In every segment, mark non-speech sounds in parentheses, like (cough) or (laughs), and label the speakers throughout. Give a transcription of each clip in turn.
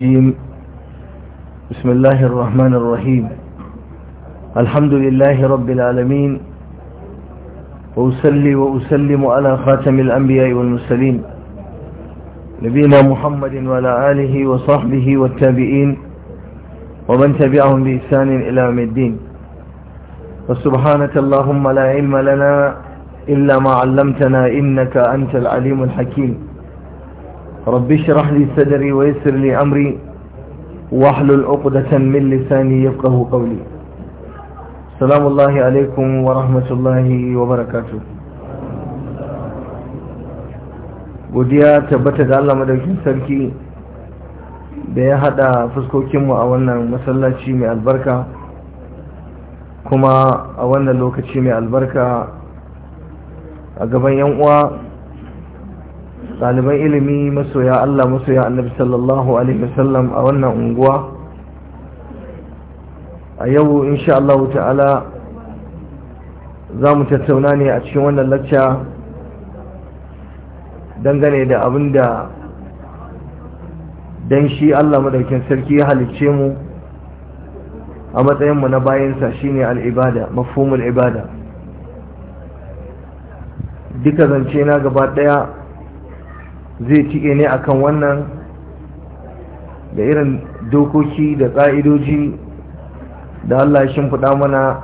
Speaker 1: بسم الله الرحمن الرحيم الحمد لله رب العالمين وأسلي وأسلم على خاتم الأنبياء والمرسلين نبينا محمد وعلى آله وصحبه والتابعين ومن تبعهم بإحسان إلى يوم الدين وسبحانك اللهم لا علم لنا إلا ما علمتنا إنك أنت العليم الحكيم رب اشرح لي صدري ويسر لي أمري واحلل عقدة من لساني يفقه قولي سلام الله عليكم ورحمة الله وبركاته godiya tabbata da Allah madaukin sarki da ya hada fuskokinmu a wannan masallaci mai albarka kuma a wannan lokaci mai albarka a gaban yan uwa ɗaliban ilimi masoya Allah masoya annabi sallallahu alaihi wasallam a wannan unguwa a yau insha Allah ta'ala za mu tattauna ne a cikin wannan lacca dangane da abin da don shi Allah madaukin sarki ya halicce mu a matsayinmu na bayansa shine al'ibada mafhumul ibada duka zance na gaba ɗaya zai tike ne akan wannan da irin dokoki da ƙa'idoji da Allah ya shimfiɗa mana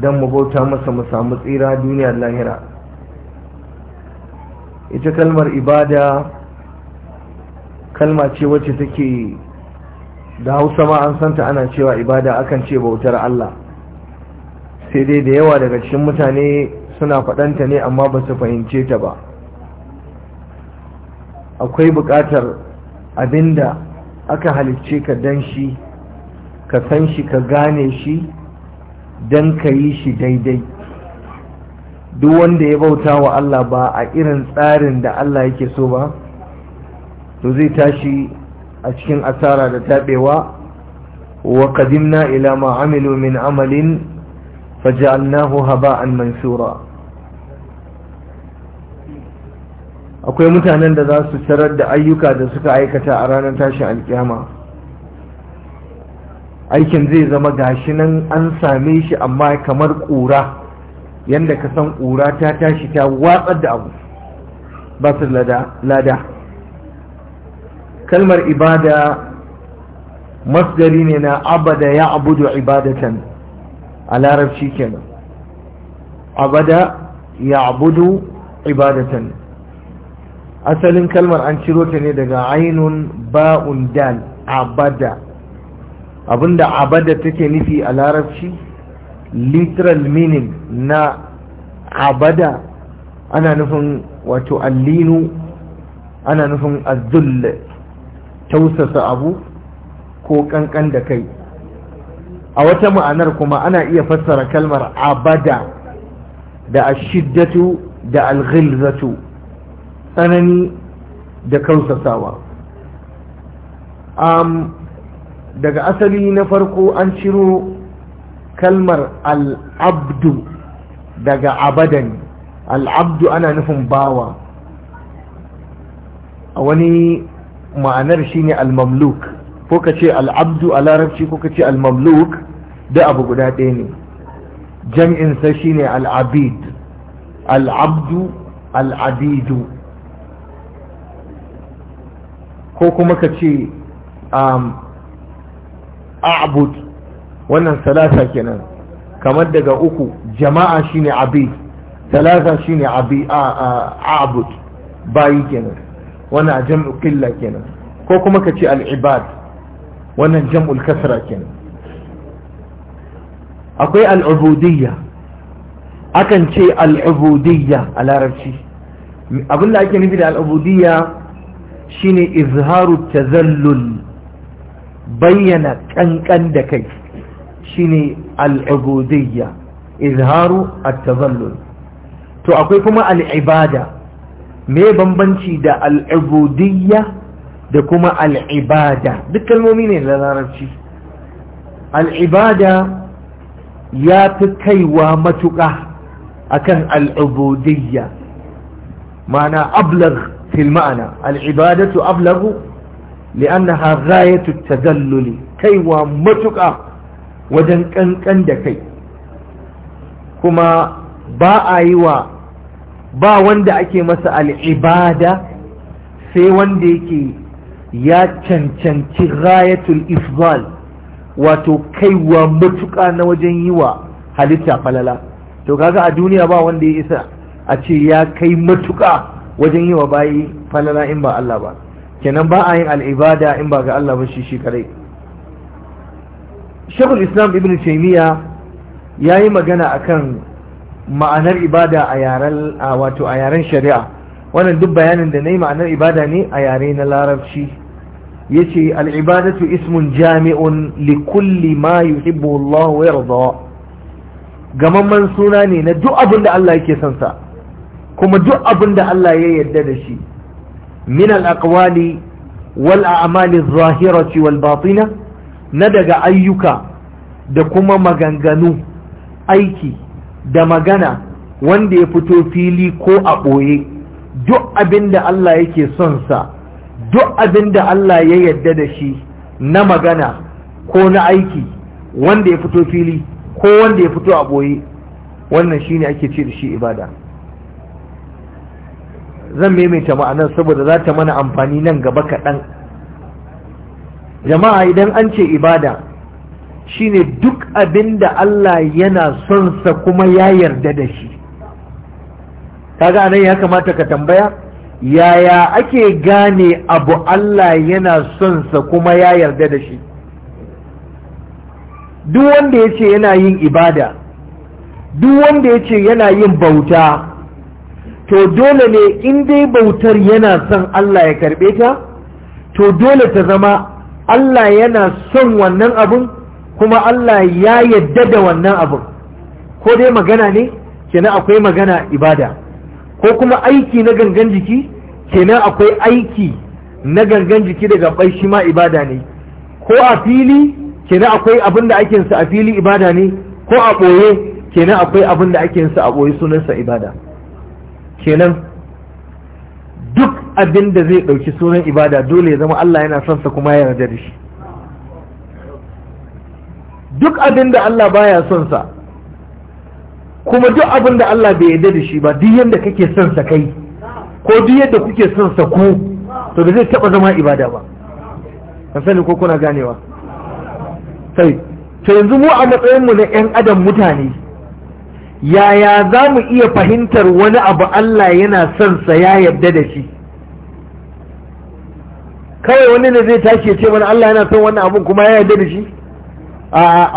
Speaker 1: don mu bauta masa mu samu tsira duniyar lahira ita kalmar ibada kalma ce wacce take da hausa ma an santa ana cewa ibada akan ce bautar Allah sai dai da yawa daga cikin mutane suna faɗanta ne amma ba su fahimce ta ba akwai buƙatar abinda aka halicce ka dan shi ka san shi ka gane shi dan ka yi shi daidai duk wanda ya bauta wa Allah ba a irin tsarin da Allah yake so ba to zai tashi a cikin asara da taɓewa wa qadimna ila ma amilu min amalin faj'alnahu haba'an mansura akwai mutanen da za su tarar da ayyuka da suka aikata a ranar tashin alkiyama aikin zai zama gashi nan an same shi amma kamar ƙura yadda ka san ƙura ta tashi ta watsar da abu ba su lada kalmar ibada masgari ne na abada ya abudu ibadatan a larabci kenan abada ya abudu ibadatan asalin kalmar an ciro ta ne daga ainun ba'un dal abada abinda abada take nufi a larabci literal meaning na abada ana nufin wato allinu ana nufin azul tausasa abu ko kankan da kai a wata ma'anar kuma ana iya fassara kalmar abada da ashiddatu da alghilzatu tsanani da kausasawa um, daga asali na farko an ciro kalmar al'abdu daga abadan al'abdu ana nufin bawa a wani ma'anar shine al-mamluk ko ka ce al'abdu a larabci ko ka ce al-mamluk da abu guda ɗaya ne jam'insa shine abdu al al'abidu ko kuma ka ce um, a'bud wannan salasa kenan kamar daga uku jama'a shine abid salasa shine abi a'bud bayi kenan wannan jam'u qilla kenan ko kuma ka ce al'ibad wannan jam'ul kasra kenan akwai al'ubudiyya akan ce al'ubudiyya a larabci abinda ake nufi da al'ubudiyya shine izharu tazallul bayyana kankan da kai shine al'ubudiyya izharu at-tazallul to akwai kuma al'ibada me bambanci da al'ubudiyya da kuma al'ibada duk kalmomi ne na larabci al'ibada ya fi kaiwa matuƙa akan al'ubudiyya ma'ana ablar في المعنى العبادة أبلغ لأنها غاية التذلل كي ومتك وجن كن كن دكي كما باء أيوة باء وند أكي مسأل العبادة سي وند أكي يا تن تن غاية الإفضال wato kaiwa matuƙa na wajen yi wa halitta falala to kaga a duniya ba wanda ya isa a ce ya kai matuƙa wajen yi wa bayi falala in ba Allah ba kenan ba a yin al'ibada in ba ga Allah ba shi shi kadai shekul islam ibn taimiyya ya yi magana akan ma'anar ibada a yaren wato a yaren shari'a wannan duk bayanin da na yi ma'anar ibada ne a yare na larabci ya ce al'ibadatu ismun jami'un likulli ma yuhibbu Allah wa yarda gamamman suna ne na duk abin da Allah yake son sa kuma duk abin da Allah ya yarda da shi min al-aqwali wal a'mali adh-dhahirati wal batina na daga ayyuka da kuma maganganu aiki da magana wanda ya fito fili ko a boye duk abin da Allah yake son sa duk abin da Allah ya yarda da shi na magana ko na aiki wanda ya fito fili ko wanda ya fito a boye wannan shine ake ce da shi ibada zan maimaita ma'anar saboda za ta mana amfani nan gaba kaɗan jama'a idan an ce ibada shine duk abin da Allah yana son sa kuma ya yarda da shi kaga nan ya kamata ka tambaya yaya ake gane abu Allah yana son sa kuma ya yarda da shi duk wanda ya ce yana yin ibada duk wanda ya ce yana yin bauta to dole ne in dai bautar yana son Allah ya karbe ta to dole ta zama Allah yana son wannan abun kuma Allah ya yadda da wannan abun ko dai magana ne kenan akwai magana ibada ko kuma aiki na gangan jiki kenan akwai aiki na gangan jiki daga bai shi ma ibada ne ko a fili kenan akwai abin da ake a fili ibada ne ko a ɓoye kenan akwai abin da ake a ɓoye sunansa ibada kenan duk abin da zai ɗauki sunan ibada dole ya zama Allah yana son sa kuma ya yarda da shi duk abin da Allah baya son sa kuma duk abin da Allah bai yarda da shi ba duk yadda kake son sa kai ko duk yadda kuke son sa ku to da zai taba zama ibada ba kan sani ko kuna ganewa sai to yanzu mu a matsayin mu na yan adam mutane yaya za mu iya fahimtar wani abu Allah yana son sa ya yarda da shi kawai wani ne zai tashi ya ce mana Allah yana son wannan abun kuma ya yarda da shi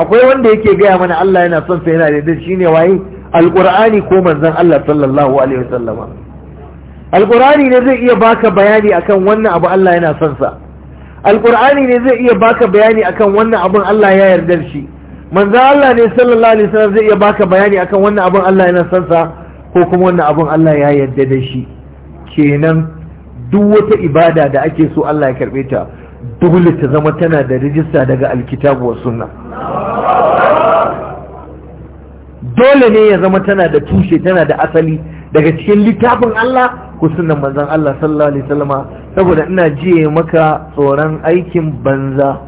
Speaker 1: akwai wanda yake gaya mana Allah yana son sa yana yarda da shi ne waye alqur'ani ko manzon Allah sallallahu alaihi wasallama alqur'ani ne zai iya baka bayani akan wannan abu Allah yana son sa alqur'ani ne zai iya baka bayani akan wannan abun Allah ya yarda da shi manzan Allah ne sallallahu alaihi wasallam zai iya baka bayani akan wannan abin Allah yana son sa ko kuma wannan abin Allah ya yarda da shi kenan duk wata ibada da ake so Allah ya karbe ta dole ta zama tana da rijista daga alkitabu wa sunna dole ne ya zama tana da tushe tana da asali daga cikin littafin Allah ko sunnan manzon Allah sallallahu alaihi wasallama saboda ina jiye maka tsoron aikin banza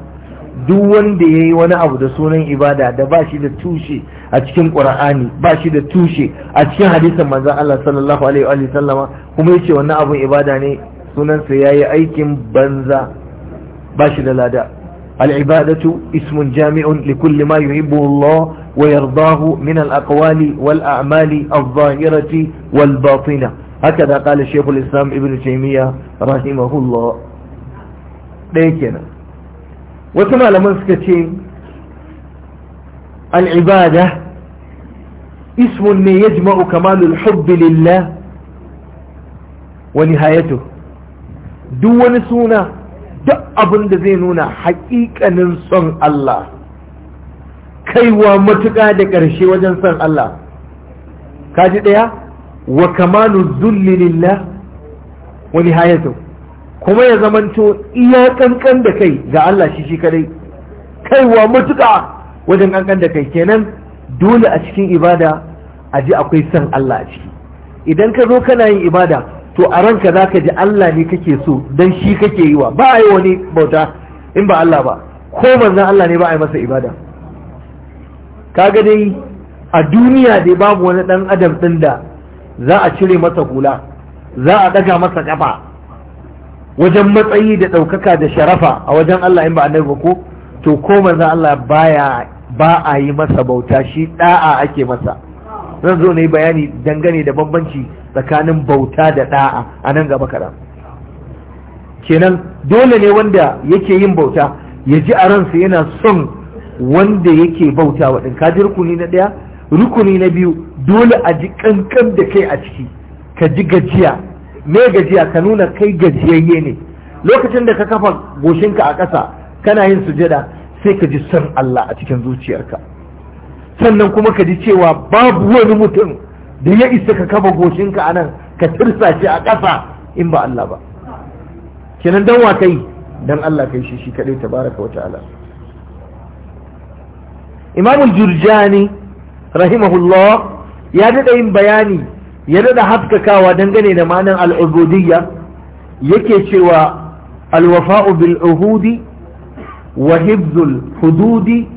Speaker 1: duk wanda ya yi wani abu da sunan ibada da ba shi da tushe a cikin ƙura'ani ba shi da tushe a cikin hadisan manzan Allah sallallahu alaihi wa sallama kuma ya ce wannan abun ibada ne sunansa ya yi aikin banza ba shi da lada al'ibadatu ismun jami'un li kulli ma yuhibbu Allah wa yardahu min al-aqwali wal a'mali adh-dhahirati wal batina haka da qala Sheikhul Islam Ibn Taymiyyah rahimahullah ɗaya kenan wasu malaman suka ce al'ibada ismun ne ya jima'u kamalul hubbi lillah wa duk wani suna duk abin da zai nuna haƙiƙanin son Allah kaiwa matuƙa da ƙarshe wajen son Allah kaji ɗaya wa kamalu zulli lillah wa kuma ya zamanto iya kankan da kai ga Allah shi shi kadai kaiwa mutuka wajen kankan da kai kenan dole a cikin ibada a ji akwai son Allah a ciki idan ka zo kana yin ibada to a ranka za ka ji Allah ne kake so don shi kake yi wa ba a yi wani bauta in ba Allah ba ko manzan Allah ne ba a yi masa ibada kaga dai a duniya dai babu wani dan adam din da za a cire masa hula za a daga masa kafa wajen matsayi da ɗaukaka da sharafa a wajen Allah in ba annabi ko to ko manzo Allah baya ba a yi masa bauta shi da'a ake masa zan zo ne bayani dangane da bambanci tsakanin bauta da ɗa'a a nan gaba kaɗan kenan dole ne wanda yake yin bauta ya ji a ransa yana son wanda yake bauta wa ka ji rukuni na ɗaya rukuni na biyu dole a ji kankan da kai a ciki ka ji gajiya me gajiya ka nuna kai gajiyayye ne lokacin da ka kafa goshinka a ƙasa kana yin sujada sai ka ji san Allah a cikin zuciyarka sannan kuma ka ji cewa babu wani mutum da ya isa ka kafa goshinka a nan ka tirsa shi a ƙasa in ba Allah ba kenan dan wa kai dan Allah kai shi shi kadai tabaraka wa ta'ala Imam Jurjani rahimahullah ya daɗa yin bayani ya dada haskakawa dangane da ma'anar al'ubudiyya yake cewa alwafa'u bil uhudi wa hibzul hududi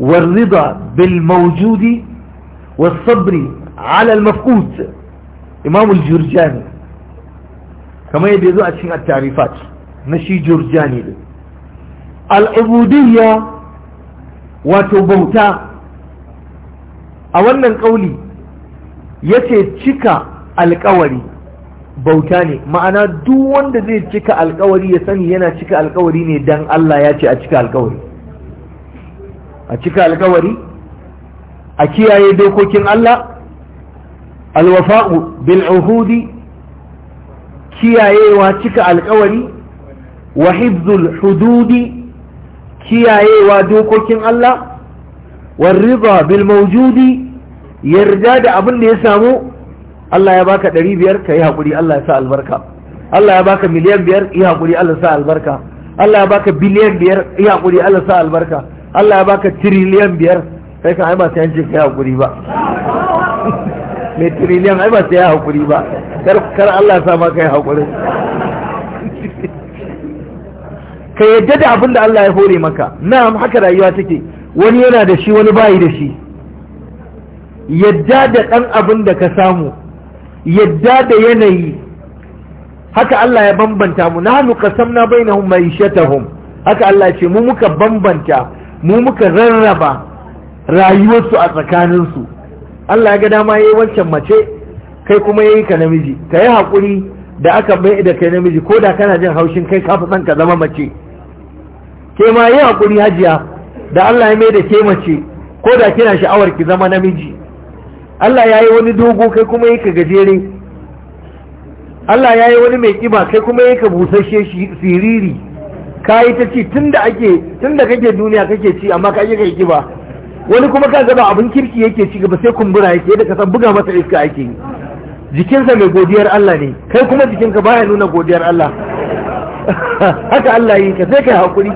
Speaker 1: wa rida bil mawjudi wa sabri ala al mafqud jurjani kamar yadda a cikin attarifat, na shi jurjani din al'ubudiyya wato bauta a wannan ƙauli Ya ce cika alkawari bauta ne ma'ana duk wanda zai cika alkawari ya sani yana cika alkawari ne dan Allah ya ce a cika alkawari a cika alkawari a kiyaye dokokin Allah alwafa'u bil uhudi kiyayewa cika alkawari wa hifzul hududi kiyayewa dokokin Allah war bil mawjudi yarda da abin da ya samu Allah ya baka ɗari biyar ka yi haƙuri Allah ya sa albarka Allah ya baka miliyan biyar yi haƙuri Allah ya sa albarka Allah ya baka biliyan biyar yi haƙuri Allah ya sa albarka Allah ya baka tiriliyan biyar kai kan a'iba sai an ce ka yi haƙuri ba
Speaker 2: (laughs)
Speaker 1: mai tiriliyan ai ba sai ya haƙuri ba kar Allah ya sa ma ka yi haƙuri
Speaker 2: (laughs)
Speaker 1: ka yadda da abin da Allah ya hore maka na'am haka rayuwa take wani yana da shi wani bai da shi yadda da ɗan abin da ka samu yadda da yanayi haka Allah ya bambanta mu Na na qasamna bainahum ma'ishatahum haka Allah ce mu muka bambanta mu muka rarraba rayuwarsu a tsakaninsu Allah ya ga dama yi wancan mace kai kuma ya yi ka namiji ka yi haƙuri da aka bai da kai namiji ko da kana jin haushin kai ka fi ka zama mace ke ma yi haƙuri hajiya da Allah ya mai da ke mace ko da kina sha'awar ki zama namiji Allah ya yi wani dogo kai kuma yi ka gajere Allah ya yi wani mai ƙiba kai kuma yi ka shi siriri ka yi ta ci tun da ake tun da kake duniya kake ci amma ka yi kai ƙiba wani kuma ka gaba abin kirki yake ci gaba sai kumbura yake yadda ka san buga masa iska ake yi jikinsa mai godiyar Allah ne kai kuma jikinka baya nuna godiyar Allah (laughs) haka Allah yi ka sai kai hakuri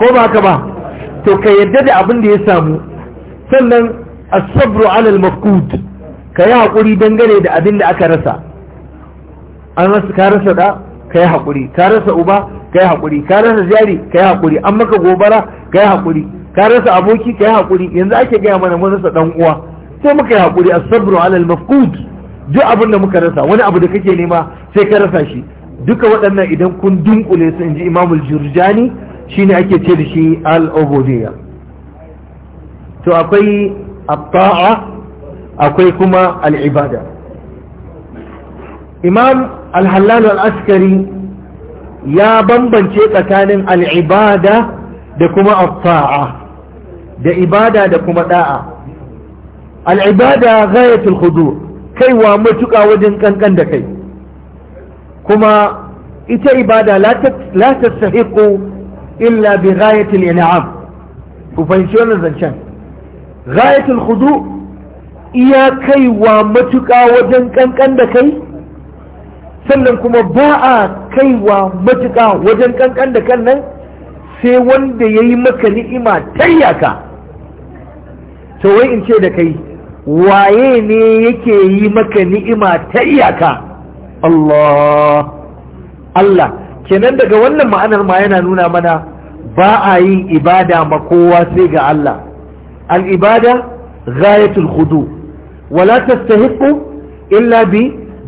Speaker 1: ko ba haka ba to ka yarda da abin da ya samu sannan as-sabru 'ala al-mafqud ka yi haƙuri dangane da abin da aka rasa an rasa ka rasa da ka yi haƙuri ka rasa uba ka yi haƙuri ka rasa jari ka yi haƙuri an maka gobara ka yi haƙuri ka rasa aboki ka yi haƙuri yanzu ake gaya mana mun rasa dan uwa sai muka yi haƙuri as-sabru 'ala al-mafqud duk abin da muka rasa wani abu da kake nema sai ka rasa shi duka waɗannan idan kun dunkule su inji imamul jurjani shine ake ce da shi al-ubudiyya to akwai at akwai kuma al-ibada imam al-hallal al-askari ya bambance tsakanin Al'ibada ibada da kuma at da ibada da kuma da'a al-ibada ghayatul khudu kaiwa matuƙa wajen kankan da kai kuma ita ibada la tastahiqu illa bi ghayatil in'am ku fahimci wannan zancen ghayatul khudu iya kaiwa matuƙa wajen kankan da kai sannan kuma ba a kaiwa matuƙa wajen kankan da kan nan sai wanda ya yi maka ni'ima tayyaka to wai in ce da kai waye ne yake yi maka ni'ima tayyaka Allah Allah kenan daga wannan ma'anar ma yana nuna mana ba a yin ibada ma kowa sai ga Allah الإبادة غاية الخضوع ولا تستهق إلا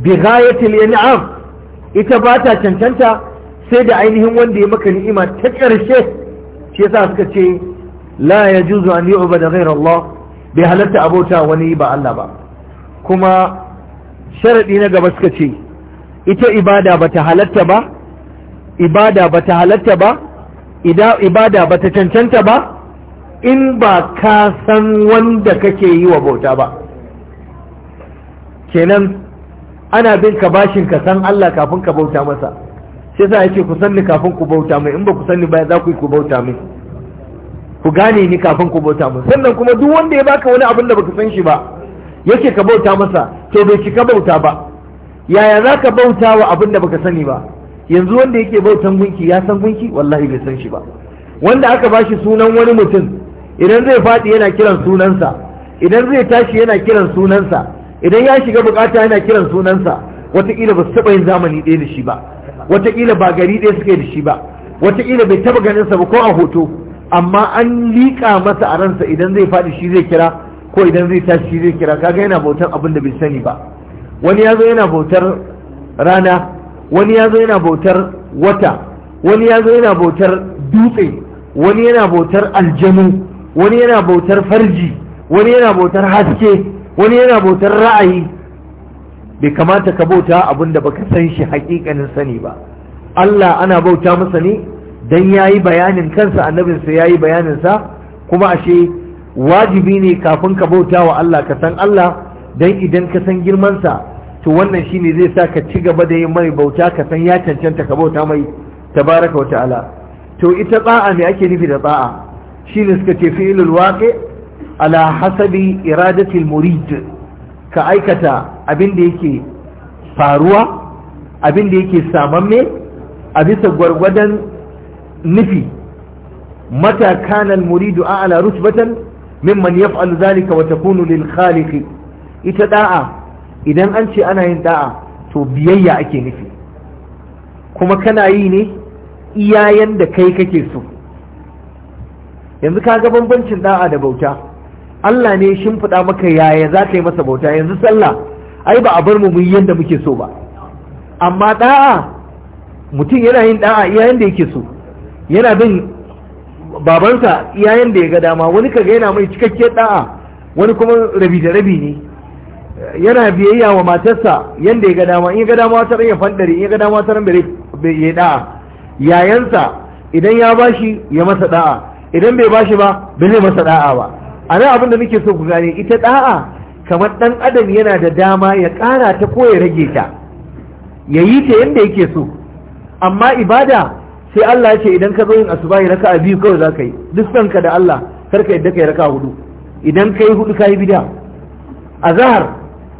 Speaker 1: بغاية الإنعام إتباتا تنتنتا سيد عينهم واندي مكان إما تكر الشيخ شيء ساسك شيء لا يجوز أن يعبد غير الله بهلة أبوتا ونيبا ألبا كما sharaɗi na gaba suka ce ita ibada bata halatta ba ibada bata halatta ba ibada bata cancanta ba in ba ka san wanda kake yi wa bauta ba kenan ana bin ka bashin ka san Allah kafin ka bauta masa shi yasa yake ku sanni kafin ku bauta mai in ba ku sanni ba za ku yi ku bauta mai ku gane ni kafin ku bauta mai sannan kuma duk wanda ya baka wani abin da baka san shi ba yake ka bauta masa to bai cika bauta ba yaya za ka bauta wa abin da baka sani ba yanzu wanda yake bautan gunki ya san gunki wallahi bai san shi ba wanda aka bashi sunan wani mutum idan zai faɗi yana kiran sunansa idan zai tashi yana kiran sunansa idan ya shiga bukata yana kiran sunansa wataƙila ba su taɓa yin zamani ɗaya da shi ba wataƙila ba gari ɗaya suke da shi ba wataƙila bai taɓa ganinsa ba ko a hoto amma an liƙa masa a ransa idan zai faɗi shi zai kira ko idan zai tashi shi zai kira kaga yana bautar abin da bai sani ba wani ya zo yana bautar rana wani ya zo yana bautar wata wani ya zo yana bautar dutse wani yana bautar aljanu wani yana bautar farji wani yana bautar haske wani yana bautar ra'ayi bai kamata ka bauta abin da baka san shi hakikanin sani ba Allah ana bauta masa ne dan yayi bayanin kansa annabinsa yayi bayanin sa kuma ashe wajibi ne kafin ka bauta wa Allah ka san Allah dan idan ka san girman sa to wannan shine zai sa ka ci gaba da yin mai bauta ka san ya cancanta ka bauta mai tabaraka wa ta'ala to ita tsa'a me ake nufi da tsa'a shi ne suka ce fi'ilul waƙe ala hasabi iradatil murid ka aikata abin da yake faruwa abin da yake samamme a bisa gwargwadon nufi mata kana muridu a ala rusbatan mimman yaf'alu zalika wata kunu lil khaliq ita da'a idan an ce ana yin da'a to biyayya ake nufi kuma kana yi ne iyayen da kai kake so yanzu ka ga bambancin da'a da bauta Allah ne shimfiɗa maka yaya za ka yi masa bauta yanzu sallah ai ba a bar mu yi yadda muke so ba amma da'a mutum yana yin da'a iyayen da yake so yana bin babansa iya da ya ga dama wani kaga yana mai cikakkiyar da'a wani kuma rabi da rabi ne yana biyayya wa matarsa yadda ya ga dama in ya ga dama wata ya fandare in ya ga dama wata ran bai yi da'a yayansa idan ya bashi ya masa da'a idan bai bashi ba ba zai masa da'a ba a nan abin da nake so ku gane ita da'a kamar dan adam yana da dama ya ƙara ta ko ya rage ta ya yi ta yadda yake so amma ibada sai Allah ya ce idan ka zo yin asuba asubahi raka'a biyu kawai za ka yi duk sanka da Allah kar ka yadda ka raka hudu idan ka yi hudu ka yi bida a zahar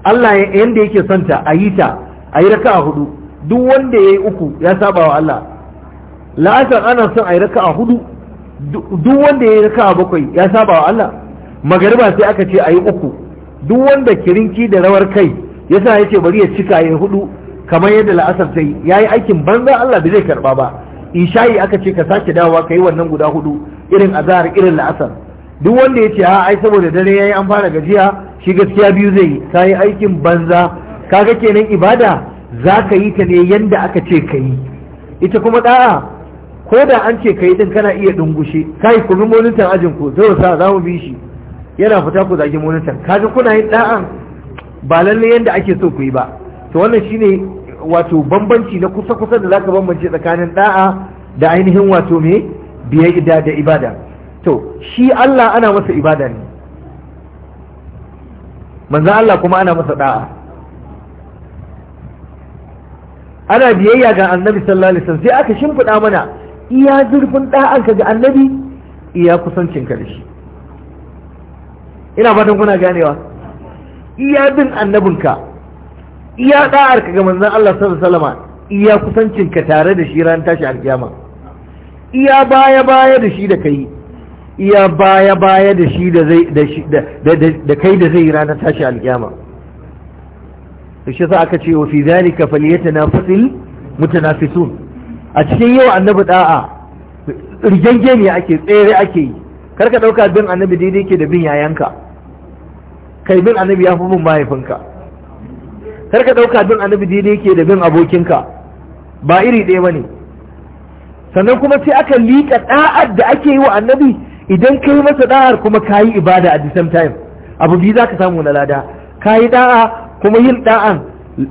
Speaker 1: Allah yadda yake ta a yi ta a yi raka'a hudu duk wanda ya yi uku ya saba wa Allah la'asar ana son a yi raka'a hudu duk wanda ya yi raka bakwai ya saba wa Allah magariba sai aka ce a yi uku duk wanda kirinki da rawar kai ya sa ya ce bari ya cika ya hudu kamar yadda la'asar ta yi ya yi aikin banza Allah bai zai karba ba isha'i aka ce ka sake dawowa ka yi wannan guda hudu irin azahar irin la'asar duk wanda ya ce a ai saboda dare ya yi an fara gajiya shi gaskiya biyu zai yi ka yi aikin banza kaga kenan ibada za ka yi ta ne yadda aka ce ka yi ita kuma da'a ko da an ce kai din kana iya dungushe kai ku bi monitan ajin ku zai sa za mu bi shi yana fita ku zagi monitan kaga kuna yin da'an ba lalle yanda ake so ku yi ba to wannan shine wato bambanci na kusa kusa da zaka bambance tsakanin da'a da ainihin wato me biyayya da ibada to shi Allah ana masa ibada ne manzo Allah kuma ana masa da'a ana biyayya ga annabi sallallahu alaihi wasallam sai aka shimfiɗa mana iya zurfin da'an ka ga annabi iya kusancin ka shi ina fatan kuna ganewa iya bin annabinka iya da'ar ka ga manzon Allah sallallahu alaihi wasallam iya kusancin ka tare da shi ran tashi alkiyama iya baya baya da shi da kai iya baya baya da shi da kai da zai ranar tashi alkiyama to shi sa aka ce wa fi zalika falyatanafasil mutanafisun a cikin yau annabi da'a rigenge ne ake tsere ake yi karka ɗauka bin annabi daidai ke da bin yayanka kai bin annabi ya fi bin mahaifinka karka ɗauka bin annabi daidai ke da bin abokinka ba iri ɗaya ba ne sannan kuma sai aka liƙa ɗa'ar da ake yi wa annabi idan ka yi masa ɗa'ar kuma ka yi ibada a the same time abu biyu za ka samu na lada ka yi ɗa'a kuma yin ɗa'an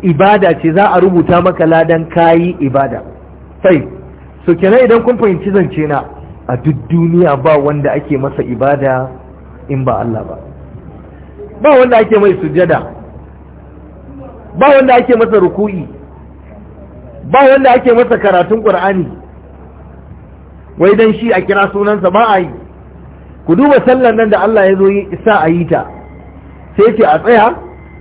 Speaker 1: ibada ce za a rubuta maka ladan ka yi ibada sai so kenan idan kun fahimci zance na a duk duniya ba wanda ake masa ibada in ba Allah ba ba wanda ake mai sujada ba wanda ake masa ruku'i ba wanda ake masa karatun qur'ani wai dan shi a kira sunansa ba a yi ku duba sallan nan da Allah ya zo sa a yi ta sai ce a tsaya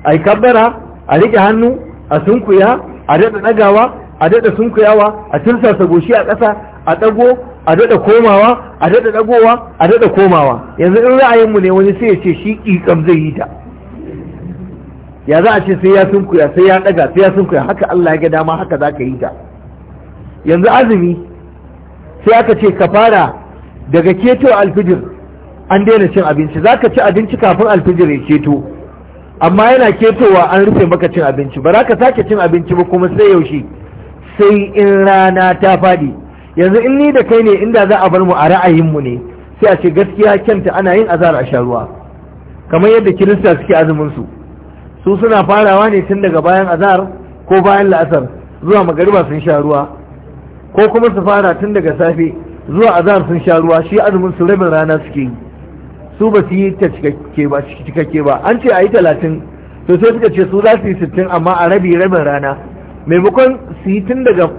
Speaker 1: a yi kabbara a rike hannu a sunkuya a daɗa ɗagawa a daɗa sunkuyawa a tirsasa goshi a ƙasa a ɗago a daɗa komawa a daɗa ɗagowa a daɗa komawa yanzu in ra'ayinmu ne wani sai ya ce shi ƙiƙam zai yi ta ya za a ce sai ya sunkuya sai ya ɗaga sai ya sunkuya haka Allah ya ga dama haka za ka yi ta yanzu azumi sai aka ce ka fara daga keto alfijir an daina cin abinci za ka ci abinci kafin alfijir ya keto amma yana ketowa an rufe maka cin abinci ba za ka sake cin abinci ba kuma sai yaushe sai in rana ta faɗi yanzu in ni da kai ne inda za a bar mu a ra'ayin mu ne sai a ce gaskiya kyanta ana yin azar a sha ruwa kamar yadda kirista suke azumin su su suna farawa ne tun daga bayan azar ko bayan la'asar zuwa magariba sun sha ruwa ko kuma su fara tun daga safe zuwa azar sun sha ruwa shi azumin su rabin rana suke yi su ba su yi ta cikakke ba an ce a yi talatin to sai suka ce su za su yi sittin amma a rabi rabin rana maimakon su yi tun daga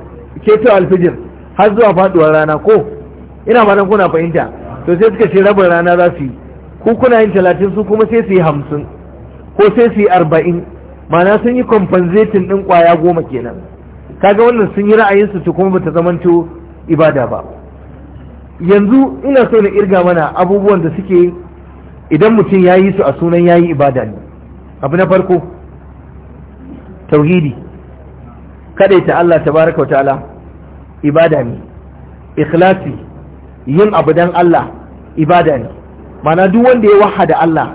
Speaker 1: keto alfijir har zuwa faduwar rana ko ina fatan kuna fahimta to sai suka ce rabin rana za su yi ku kuna yin talatin su kuma sai su yi hamsin ko sai su yi arba'in mana sun yi kwamfanzetin ɗin ƙwaya goma kenan kaga wannan sun yi ra'ayinsu su kuma bata zamanto ibada ba yanzu ina so na irga mana abubuwan da suke idan mutum ya yi su a sunan ya yi ibada ne abu na farko tauhidi kadaita Allah tabaraka wa ta'ala ibada ne ikhlasi yin abu dan Allah ibada ne mana duk wanda ya wahada Allah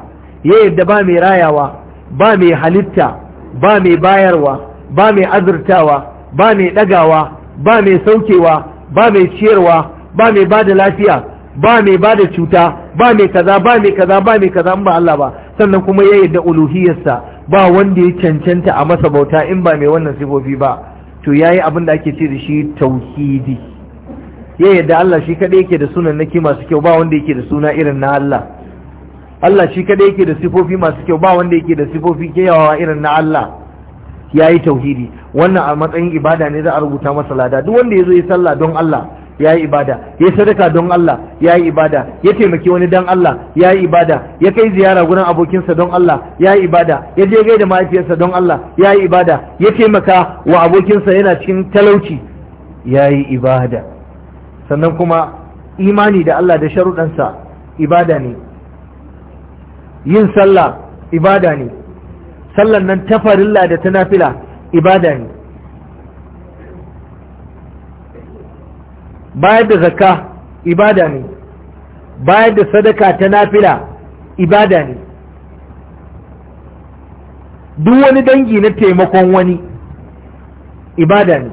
Speaker 1: ya yarda ba mai rayawa ba mai halitta ba mai bayarwa ba mai azurtawa ba mai dagawa ba mai saukewa ba mai ciyarwa ba mai bada lafiya ba mai bada cuta ba mai kaza ba mai kaza ba mai kaza ba Allah ba sannan kuma ya yarda uluhiyarsa ba wanda ya cancanta a masa bauta in ba mai wannan sifofi ba to yayi abin da ake ce da shi tauhidi ya yadda Allah shi kadai yake da sunan naki masu kyau ba wanda yake da suna irin na Allah Allah shi kadai yake da sifofi masu kyau ba wanda yake da sifofi ke yawa irin na Allah yayi tauhidi wannan a matsayin ibada ne za a rubuta masa lada duk wanda yazo yi sallah don Allah ya yi ibada ya yi sadaka don Allah ya yi ibada ya taimaki wani don Allah ya yi ibada ya kai ziyara gurin abokinsa don Allah ya yi ibada ya je gaida mahaifiyarsa don Allah ya yi ibada ya taimaka wa abokinsa yana cikin talauci ya yi ibada sannan kuma imani da Allah da sharuɗansa ibada ne yin sallah ibada ne sallan nan tafarilla da tanafila ibada ne bayar da zakka ibada ne bayar da sadaka ta nafila ibada ne duk wani dangi na taimakon wani ibada ne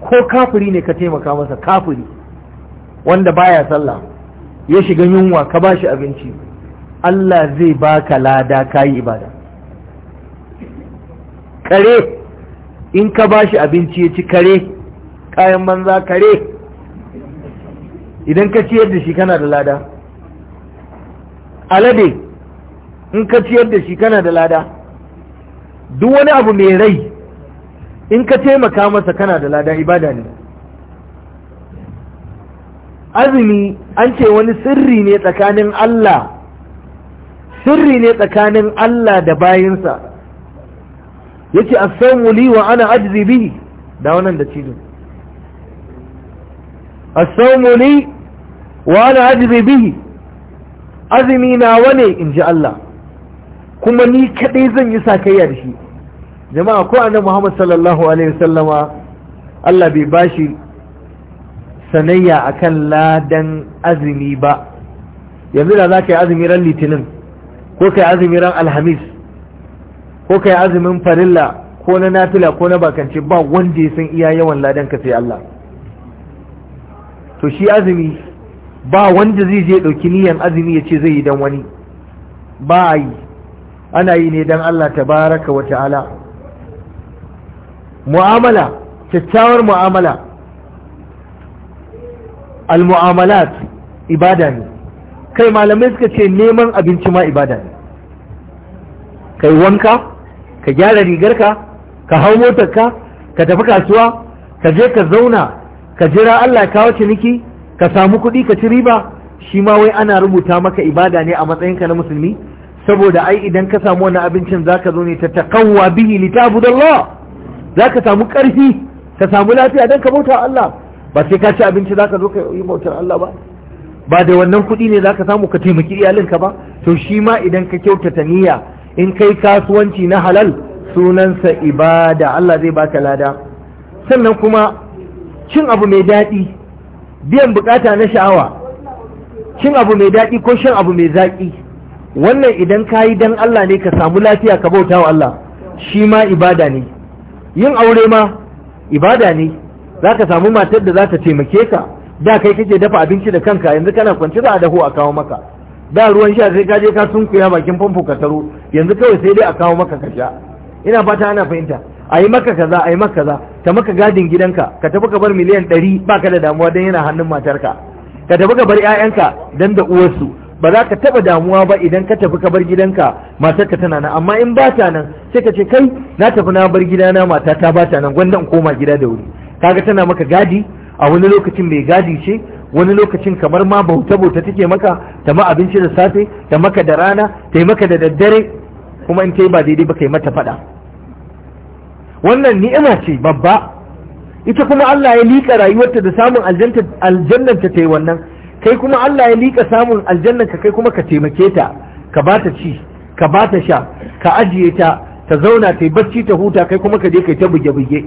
Speaker 1: ko kafiri ne ka taimaka masa kafiri wanda baya sallah ya shiga yunwa ka bashi abinci Allah zai baka lada kayi ibada kare in ka bashi abinci ya ci kare kayan banza kare idan ka ciyar da shi kana da lada alade in ka ciyar da shi kana da lada duk wani abu mai rai in ka taimaka masa kana da lada ibada ne azumi an ce wani sirri ne tsakanin Allah sirri ne tsakanin Allah da bayinsa ya ce sawmu li wa ana ajzi bihi da wannan da cizo as-sawmu li wa ana ajri bihi azumi nawa ne in ji Allah kuma ni kadai zan yi sakayya da shi jama'a ko annabi Muhammad sallallahu alaihi wasallama Allah bai bashi sanayya akan ladan azumi ba yanzu da za ka yi azumi ran litinin ko ka yi azumi ran alhamis ko ka yi azumin farilla ko na nafila ko na bakance ba wanda ya san iya yawan ladan ka sai Allah to shi azumi ba wanda zai je ɗauki niyan azumi ya ce zai yi don wani ba yi ana yi ne don Allah Ta baraka wa ta'ala mu'amala kyakkyawar mu'amala al-mu'amalat ibada ne kai malamai suka ce neman abinci ma ibada ne kai wanka ka gyara rigarka ka hau motarka ka tafi kasuwa ka je ka zauna ka jira Allah ya kawo ciniki ka samu kuɗi ka ci riba shi ma wai ana rubuta maka ibada ne a matsayinka na musulmi saboda ai idan ka samu wani abincin ka zo ne ta taqawwa bihi Za ka samu ƙarfi ka samu lafiya dan ka bauta Allah ba sai ka ci abinci ka zo ka yi bautar Allah ba ba da wannan kuɗi ne zaka samu ka taimaki iyalinka ba to shi ma idan ka kyautata niyya in kai kasuwanci na halal sunansa ibada Allah zai baka lada sannan kuma cin abu mai daɗi biyan bukata na sha'awa cin abu mai daɗi ko shan abu mai zaƙi wannan idan ka yi don Allah ne ka samu lafiya ka bauta wa Allah shi ma ibada ne yin aure ma ibada ne za ka samu matar da za ta taimake ka da kai kake dafa abinci da kanka yanzu kana kwanci za a daho a kawo maka da ruwan sha sai ka je ka sunkuya bakin famfo ka taro yanzu kawai sai dai a kawo maka ka sha ina fata ana fahimta a yi maka kaza a yi maka kaza ta maka gadin gidanka ka tafi ka bar miliyan ɗari baka da damuwa don yana hannun matarka ka tafi ka bar 'ya'yanka dan da uwarsu ba za ka taɓa damuwa ba idan ka tafi ka bar gidanka matarka tana nan amma in ba ta nan sai ka ce kai na tafi na bar gidana mata ta ba ta nan gwanda in koma gida da wuri kaga tana maka gadi a wani lokacin mai gadi ce wani lokacin kamar ma bauta bauta take maka ta ma abinci da safe ta maka da rana ta yi maka da daddare kuma in ta yi ba daidai ba ka yi mata faɗa wannan ni'ima ce babba ita kuma Allah ya liƙa rayuwarta da samun aljannanta ta yi wannan kai kuma Allah ya liƙa samun aljannanka kai kuma ka taimake ta ka ba ta ci ka ba ta sha ka ajiye ta ta zauna ta yi bacci ta huta kai kuma ka je yi ta buge-buge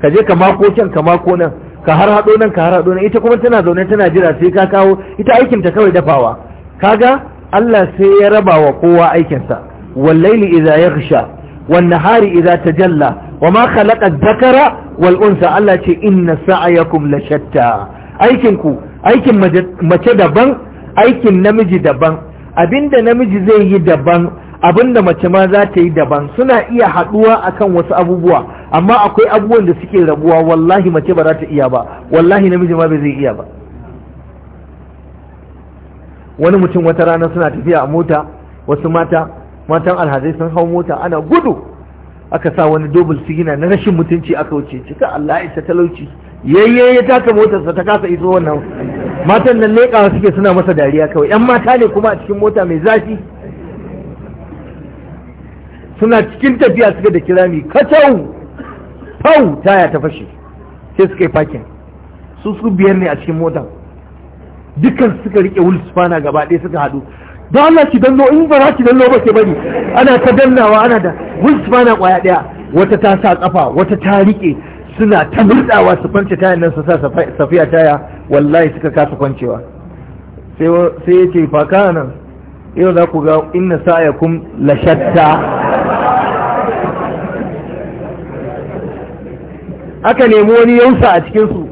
Speaker 1: ka je ka mako can ka mako nan ka har haɗo nan ka har haɗo nan ita kuma tana zaune tana jira sai ka kawo ita aikin ta kawai dafawa kaga Allah sai ya raba wa kowa aikinsa wallaili idza yaghsha wan nahari idza tajalla wa ma khalaqa dhakara wal unsa Allah ce inna sa'ayakum la shatta aikin ku aikin mace daban aikin namiji daban abinda namiji zai yi daban abinda mace ma za ta yi daban suna iya haduwa akan wasu abubuwa amma akwai abubuwan da suke rabuwa wallahi mace ba za ta iya ba wallahi namiji ma bai zai iya ba wani mutum wata rana suna tafiya a mota wasu mata matan alhazai sun hau mota ana gudu aka sa wani dobul sigina na rashin mutunci aka wuce cika Allah isa talauci yayye ya taka motarsa ta kasa iso wannan matan nan leƙawa suke suna masa dariya kawai yan mata ne kuma a cikin mota mai zafi suna cikin tafiya suka da kirami kacau fau taya ta fashe sai suka yi fakin su su biyar ne a cikin mota. dukkan suka rike wulsfana gaba ɗaya suka haɗu don Allah ki danno in ba za ki danno ba ke bari ana ta dannawa ana da wunsu na kwaya daya wata ta sa kafa wata ta rike suna ta murdawa su kwance taya nan su sa safiya taya wallahi suka kasa kwancewa sai ya ce faka nan yau za ku ga inna sa'ayakum la shatta aka nemi wani yausa a cikinsu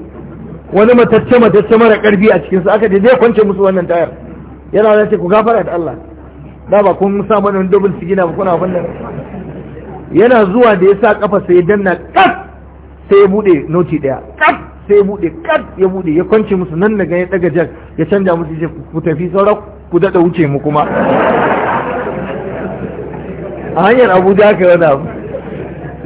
Speaker 1: wani matacce matacce mara karfi a cikinsu aka je zai kwance musu wannan tayar yana da ce ku gafara da Allah da ba kun sa mana wani dubin sigina ba kuna abin nan yana zuwa da ya sa kafa sai danna kaf sai ya bude noti daya kaf sai ya bude kaf ya bude ya kwance musu nan daga ya daga jak ya canja musu ya ku tafi saura ku dada wuce mu kuma a hanyar abuja ka yana abu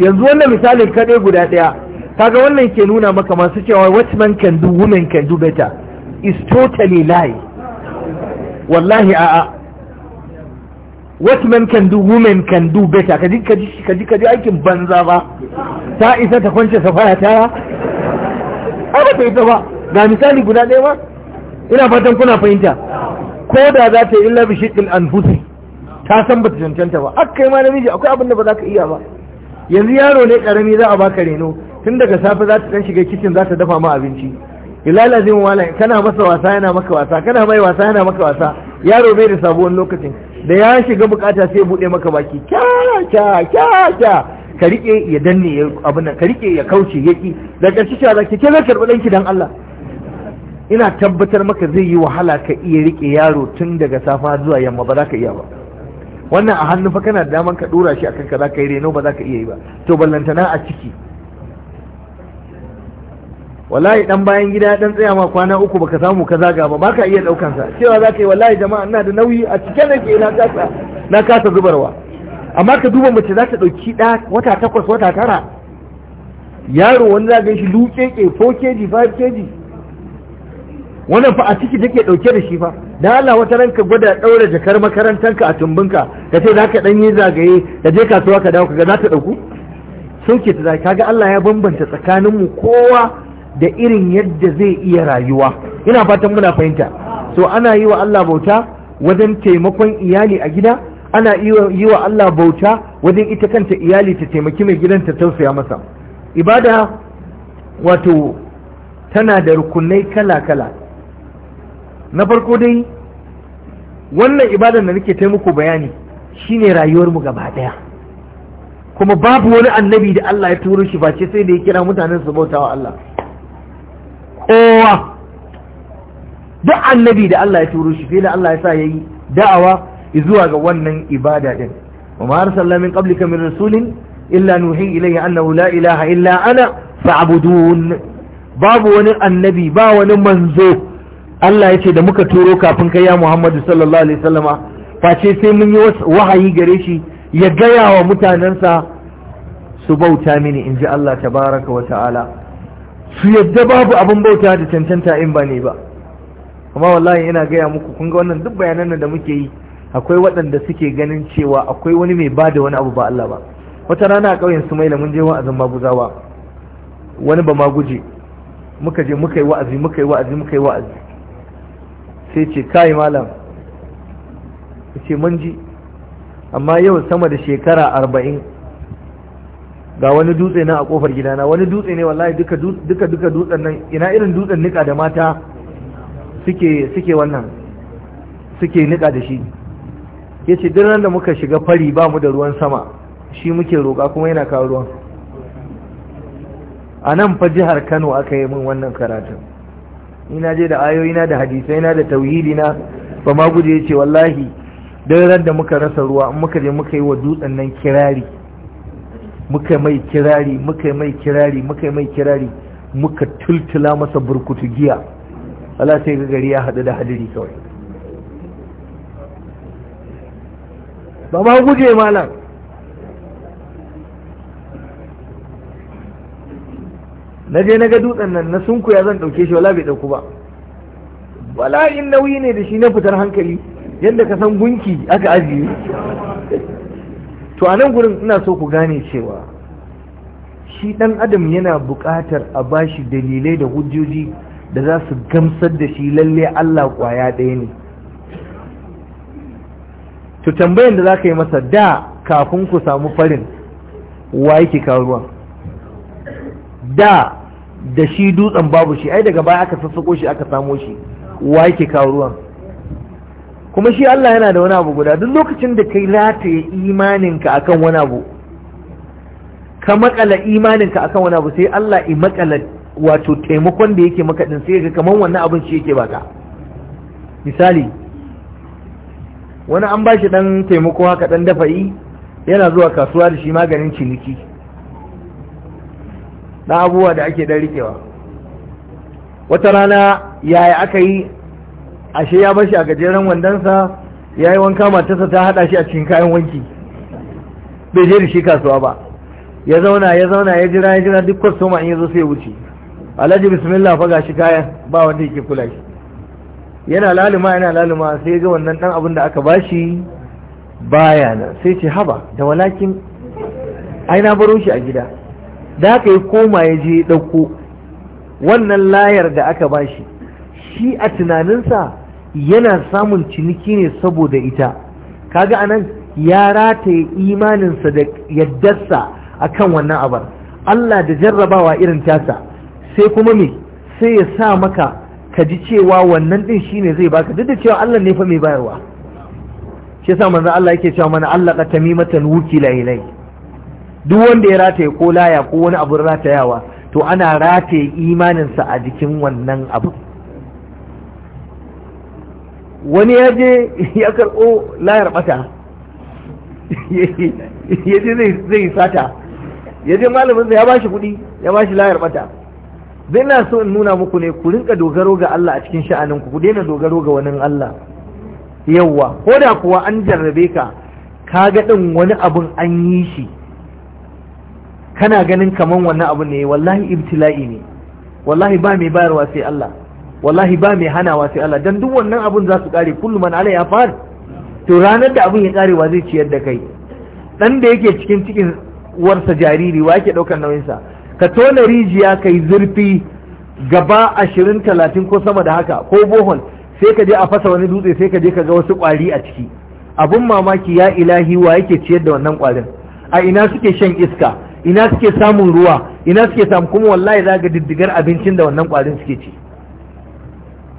Speaker 1: yanzu wannan misalin kaɗai guda ɗaya kaga wannan ke nuna maka masu cewa what man can do women can do better is totally lie wallahi a'a what men can do women can do better kaji kaji kaji kaji aikin banza ba ta isa ta kwance safaya ta aka ta isa ba ga misali guda ɗaya ba ina fatan kuna fahimta ko da za ta yi illa bi shiqil anfusi ta san bata cancanta ba akai ma namiji akwai abin da ba za ka iya ba yanzu yaro ne karami za a baka reno tun daga safe za ta dan shiga kicin za ta dafa ma abinci Ilala lazim wala kana masa wasa yana maka wasa kana mai wasa yana maka wasa yaro bai da sabuwar lokacin da ya shiga bukata sai bude maka baki kya kya kya kya ka rike ya danne abin nan ka rike ya kauce ya yaki da karshe cewa zaki ke zai karbi danki dan Allah ina tabbatar maka zai yi wahala ka iya rike yaro tun daga safa zuwa yamma ba za ka iya ba wannan a hannu fa kana da daman ka dora shi akan ka za ka yi reno ba za ka iya yi ba to ballantana a ciki wallahi dan bayan gida dan tsaya ma kwana uku baka samu kaza ga ba baka iya daukan sa cewa za ka yi wallahi jama'a ina da nauyi a cike nake na kasa na kasa zubarwa amma ka duba mace za ta dauki da wata takwas wata tara yaro wani za ga shi ke 4 kg 5 kg wannan fa a ciki take dauke da shi fa dan Allah wata ranka gwada daura jakar ka a tumbinka ka ce za ka dan yi zagaye ka je kasuwa ka dawo ka ga za ta dauku ke ta kaga Allah ya bambanta tsakanin mu kowa da irin yadda zai iya rayuwa ina fatan muna fahimta so ana yi wa Allah bauta wajen taimakon iyali a gida ana yi wa Allah bauta wajen ita kanta iyali ta taimaki mai gidan ta tausaya masa ibada wato tana da rukunai kala-kala na farko dai wannan ibadan da nake taimako bayani shine rayuwarmu gaba daya kuma babu wani annabi da Allah ya turo shi ba sai da ya kira mutanen su bautawa Allah kowa duk annabi da Allah ya turo shi sai da Allah ya sa yayi da'awa zuwa ga wannan ibada din wa ma arsalna min qablika min rasulin illa nuhi ilayhi annahu la ilaha illa ana fa'budun babu wani annabi ba wani manzo Allah ya ce da muka turo kafin kai ya Muhammadu sallallahu alaihi wasallama face sai mun yi wahayi gare shi ya gaya wa mutanensa su bauta mini in ji Allah tabaraka wa ta'ala su yadda babu abin bauta da cancanta in ba ne ba amma wallahi ina gaya muku kun ga wannan duk bayanan da muke yi akwai waɗanda suke ganin cewa akwai wani mai ba da wani abu ba Allah ba wata rana a ƙauyen su maila mun je wa'azin maguzawa wani ba ma guje muka je muka yi wa'azi muka yi wa'azi muka yi wa'azi sai ce kai malam ce mun ji amma yau sama da shekara arba'in ga wani dutse na a kofar gidana wani dutse ne wallahi duka duka duka dutsen nan ina irin dutsen nika da mata suke suke wannan suke nika da shi yace duk ran da muka shiga fari ba mu da ruwan sama shi muke roƙa kuma yana kawo ruwan a nan fa jihar Kano aka yi min wannan karatun ina je da ayoyina da hadisaina da tauhidi na. ba ma guje yace wallahi duk ran da muka rasa ruwa muka je muka yi wa dutsen nan kirari muka mai kirari muka mai kirari muka mai kirari muka tultula masa burkutu giya Allah sai ga gari ya hadu da hadiri kawai ba ma guje malam na je na ga dutsen nan na sunku ya zan ɗauke shi wala bai ɗauku ba bala'in nauyi ne da shi na fitar hankali yadda ka san gunki aka ajiye to a nan gurin ina so ku gane cewa shi ɗan adam yana buƙatar a bashi dalilai da hujjoji da za su gamsar da shi lalle Allah kwaya ɗaya ne to tambayan da za ka yi masa da kafin ku samu farin wa yake karuwa? da da shi dutsen babu shi ai daga baya aka sassako shi aka samo shi wa yake karuwa? kuma shi Allah yana da wani abu guda duk lokacin da kai rataye imaninka akan wani abu ka makala imaninka akan wani abu sai Allah i makala wato taimakon da yake maka din sai ga kaman wannan abin shi yake baka misali wani an bashi dan taimako haka dan dafa'i yana zuwa kasuwa da shi maganin ciniki na abubuwa da ake dan rikewa wata rana yaya aka yi ashe ya bashi a gajeren wandonsa ya yi wanka matarsa ta haɗa shi a cikin kayan wanki bai je da shi kasuwa ba ya zauna ya zauna ya jira ya jira duk kwastoma in ya zo sai ya wuce alhaji bismillah fa shi kayan ba wanda yake kula shi yana laluma yana laluma sai ga wannan dan abin da aka bashi baya na sai ce haba da walakin ai na baro shi a gida da aka yi koma ya je ɗauko wannan layar da aka bashi shi a tunaninsa yana samun ciniki ne saboda ita kaga anan ya rataye imaninsa da yaddarsa akan wannan abar Allah da jarrabawa irin tasa sai kuma me sai ya sa maka ka ji cewa wannan din shine zai baka duk da cewa Allah ne fa mai bayarwa shi yasa manzo Allah yake cewa mana Allah ka tamimatan wukila ilai duk wanda ya rataye ko laya ko wani abu ratayawa to ana rataye imaninsa a jikin wannan abu wani ya je ya karɓo layar ɓata, ya je zai sata ya je malamin ya ba shi kuɗi ya ba shi layar ɓata. zai na so in nuna muku ne ku rinka dogaro ga Allah a cikin sha'anin ku daina dogaro ga wani Allah yawwa ko da kuwa an jarrabe ka ka ga ɗin wani abun an yi shi kana ganin kaman wannan abu ne wallahi ibtila'i ne wallahi ba mai bayarwa sai Allah wallahi ba mai hanawa sai Allah dan duk wannan abun za su kare kullu man alai ya far to ranar da abun ya kare wa zai ciyar da kai dan da yake cikin cikin uwarsa jariri wa yake daukar nauyin sa ka tona rijiya kai zurfi gaba 20 30 ko sama da haka ko bohol sai ka je a fasa wani dutse sai ka je ka ga wasu kwari a ciki abun mamaki ya ilahi wa yake ciyar da wannan kwarin a ina suke shan iska ina suke samun ruwa ina suke samun kuma wallahi za ga diddigar abincin da wannan kwarin suke ci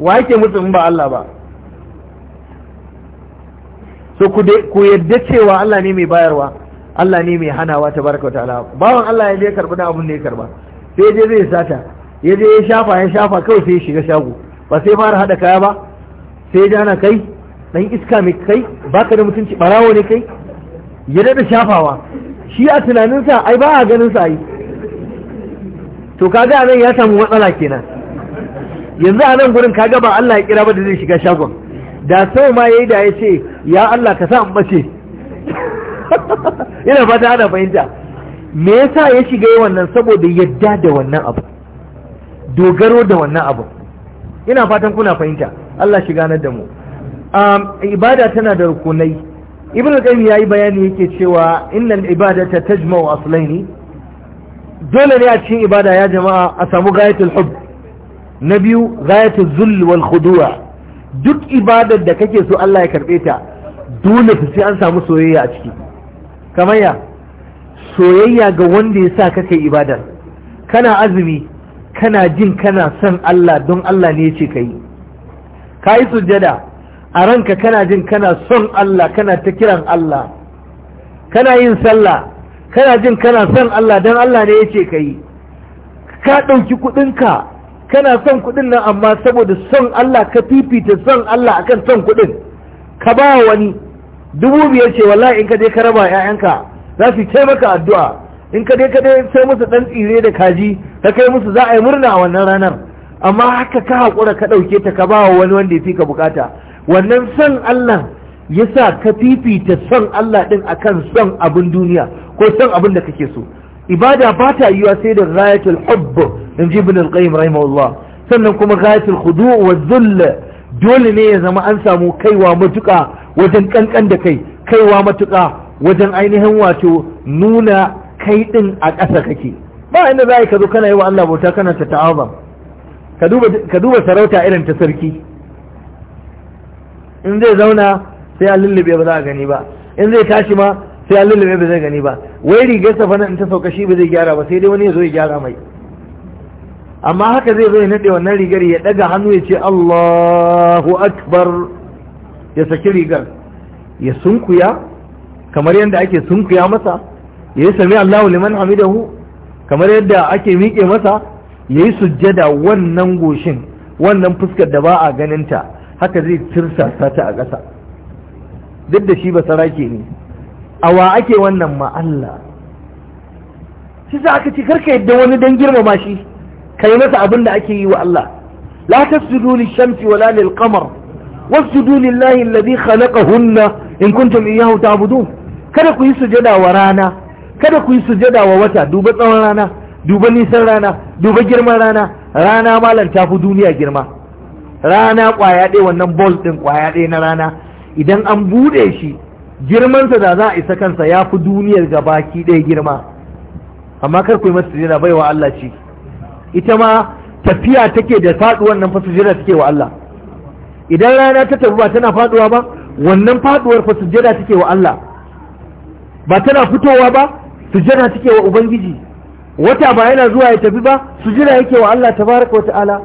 Speaker 1: wa yake musu in ba Allah ba so ku yadda cewa Allah ne mai bayarwa Allah ne mai hanawa ta baraka wa ta'ala bawan Allah ya je karbi da abun da ya karba sai dai je zai sata ya je ya shafa ya shafa kawai sai ya shiga shago ba sai fara hada kaya ba sai ya na kai dan iska mai kai baka da mutunci barawo ne kai ya dada shafawa shi a tunaninsa ai ba a ganin sa ai to kaga nan ya samu matsala kenan yanzu a nan gurin kaga ba Allah ya kira ba da zai shiga shagon da sau ma ya yi da ya ce ya Allah ka sa in bace (laughs) ina fata ana fahimta me yasa ya shiga wannan saboda yadda da wannan abu dogaro da wannan abu ina fatan kuna fahimta Allah shiga nan da mu ibada tana da rukunai ibn al ya yi bayani yake cewa innal ibadata tajma'u aslaini dole ne a cikin ibada ya jama'a a samu gayatul hubb na biyu ghayatu zul wal khudu'a duk ibadar da kake so Allah ya karbe ta dole sai an samu soyayya a ciki kamar ya soyayya ga wanda ya sa kake ibadar kana azumi kana jin kana son Allah don Allah ne ya ce kai kai sujjada a ranka kana jin kana son Allah kana ta kiran Allah kana yin sallah kana jin kana son Allah don Allah ne ya ce ka yi ka ɗauki kuɗinka kana son kuɗin nan amma saboda son Allah ka fifita son Allah akan son kuɗin ka ba wani dubu biyar ce wallahi in ka je ka raba ƴaƴanka, za su maka addu'a in ka je ka dai sai musu ɗan tsire da kaji ka kai musu za a yi murna a wannan ranar amma haka ka hakura ka ɗauke ta ka ba wa wani wanda ya fi ka bukata wannan son Allah ya sa ka fifita son Allah ɗin akan son abin duniya ko son abin da kake so ibada ba ta yiwa sai da rayatul hubb in ji ibn al-qayyim rahimahullah sannan kuma ghayatul khudu' wa dhull dole ne ya zama an samu kaiwa matuƙa wajen kankan da kai kaiwa matuƙa wajen ainihin wato nuna kai din a ƙasa kake ba inda za ka zo kana yi wa Allah bauta kana ta ta'azam ka duba sarauta irin ta sarki in zai zauna sai a lullube ba za a gani ba in zai tashi ma sai a lullube ba zai gani ba wai rigar safana in ta sauka shi ba zai gyara ba sai dai wani ya zo ya gyara mai amma haka zai zai naɗe wannan rigar ya daga hannu ya ce Allahu akbar ya saki rigar ya sunkuya kamar yadda ake sunkuya masa ya yi sami Allahu liman hamidahu kamar yadda ake miƙe masa ya yi sujjada wannan goshin wannan fuskar da ba a ganinta haka zai cirsa sata a ƙasa duk da shi ba sarake ne a wa ake wannan ma shi za aka ci karka yadda wani don girmama shi kai masa abin da ake yi wa Allah la tasjudu lish-shamsi wala lil-qamar wasjudu lillahi alladhi khalaqahunna in kuntum iyyahu ta'budun kada ku yi sujada wa rana kada ku yi sujada wa wata duba tsawon rana duba nisan rana duba girman rana rana malam ta fi duniya girma rana kwaya ɗaya wannan bol ɗin kwaya ɗaya na rana idan an buɗe shi girmansa da za a isa kansa ya fi duniyar gabaki ɗaya girma amma kar ku yi masu sujada baiwa Allah ci. ita ma tafiya take da faduwan nan fasujada take wa Allah idan rana ta tafi ba tana faduwa ba wannan faduwar fasujada take wa Allah ba tana fitowa ba sujada take wa ubangiji wata ba yana zuwa ya tafi ba sujada yake wa Allah tabaraka wa ta'ala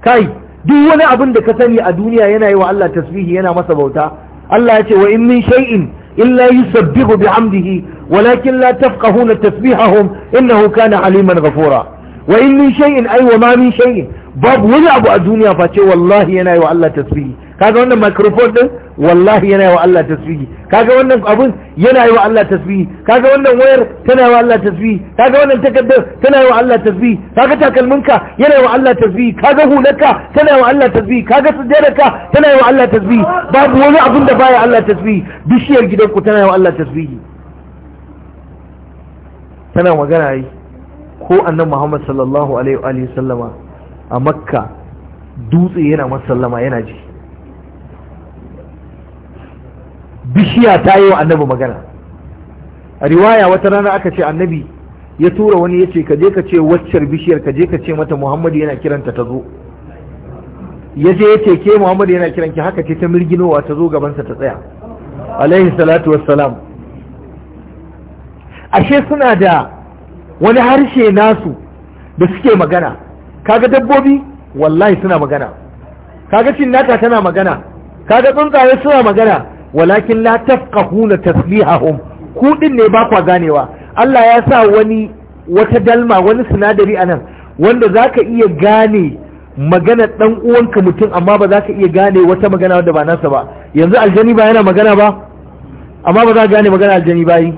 Speaker 1: kai duk wani abin da ka sani a duniya yana yi wa Allah tasbihi yana masa bauta Allah ya ce wa in min shay'in illa yusabbihu bihamdihi walakin la tafqahuna tasbihahum innahu kana aliman ghafura wa in min shay'in ai wa ma min shay'in babu wani abu a duniya face wallahi yana yi wa Allah tasbihi kaga wannan microphone din wallahi yana yi wa Allah tasbihi kaga wannan abun yana yi wa Allah tasbihi kaga wannan wayar tana yi wa Allah tasbihi kaga wannan takardar tana yi wa Allah tasbihi kaga takalminka yana yi wa Allah tasbihi kaga hularka tana yi wa Allah tasbihi kaga sujjadarka tana yi wa Allah tasbihi babu wani abun da baya Allah tasbihi bishiyar gidanku tana yi wa Allah tasbihi tana magana yi ko annan muhammad sallallahu alaihi sallama a makka dutse yana masallama yana ji bishiya ta yi wa annabi magana a riwaya wata rana aka ce annabi ya tura wani ya ce kaje ka ce waccar bishiyar kaje ka ce mata muhammadu yana kiranta ta zo ya je ya ce ke muhammadu yana kiranki haka ce ta mirginowa ta zo gabansa ta tsaya alaihi salatu wassalam ashe suna da wani harshe nasu da suke magana kaga dabbobi wallahi suna magana kaga cinnata tana magana kaga tsuntsaye suna magana walakin la tafqahuna taslihahum ku din ne ba kwa ganewa Allah ya sa wani wata dalma wani sinadari anan wanda zaka iya gane magana dan uwanka mutum amma ba za ka iya gane wata magana wanda ba nasa ba yanzu aljani ba yana magana ba amma ba za ka gane magana aljani ba yi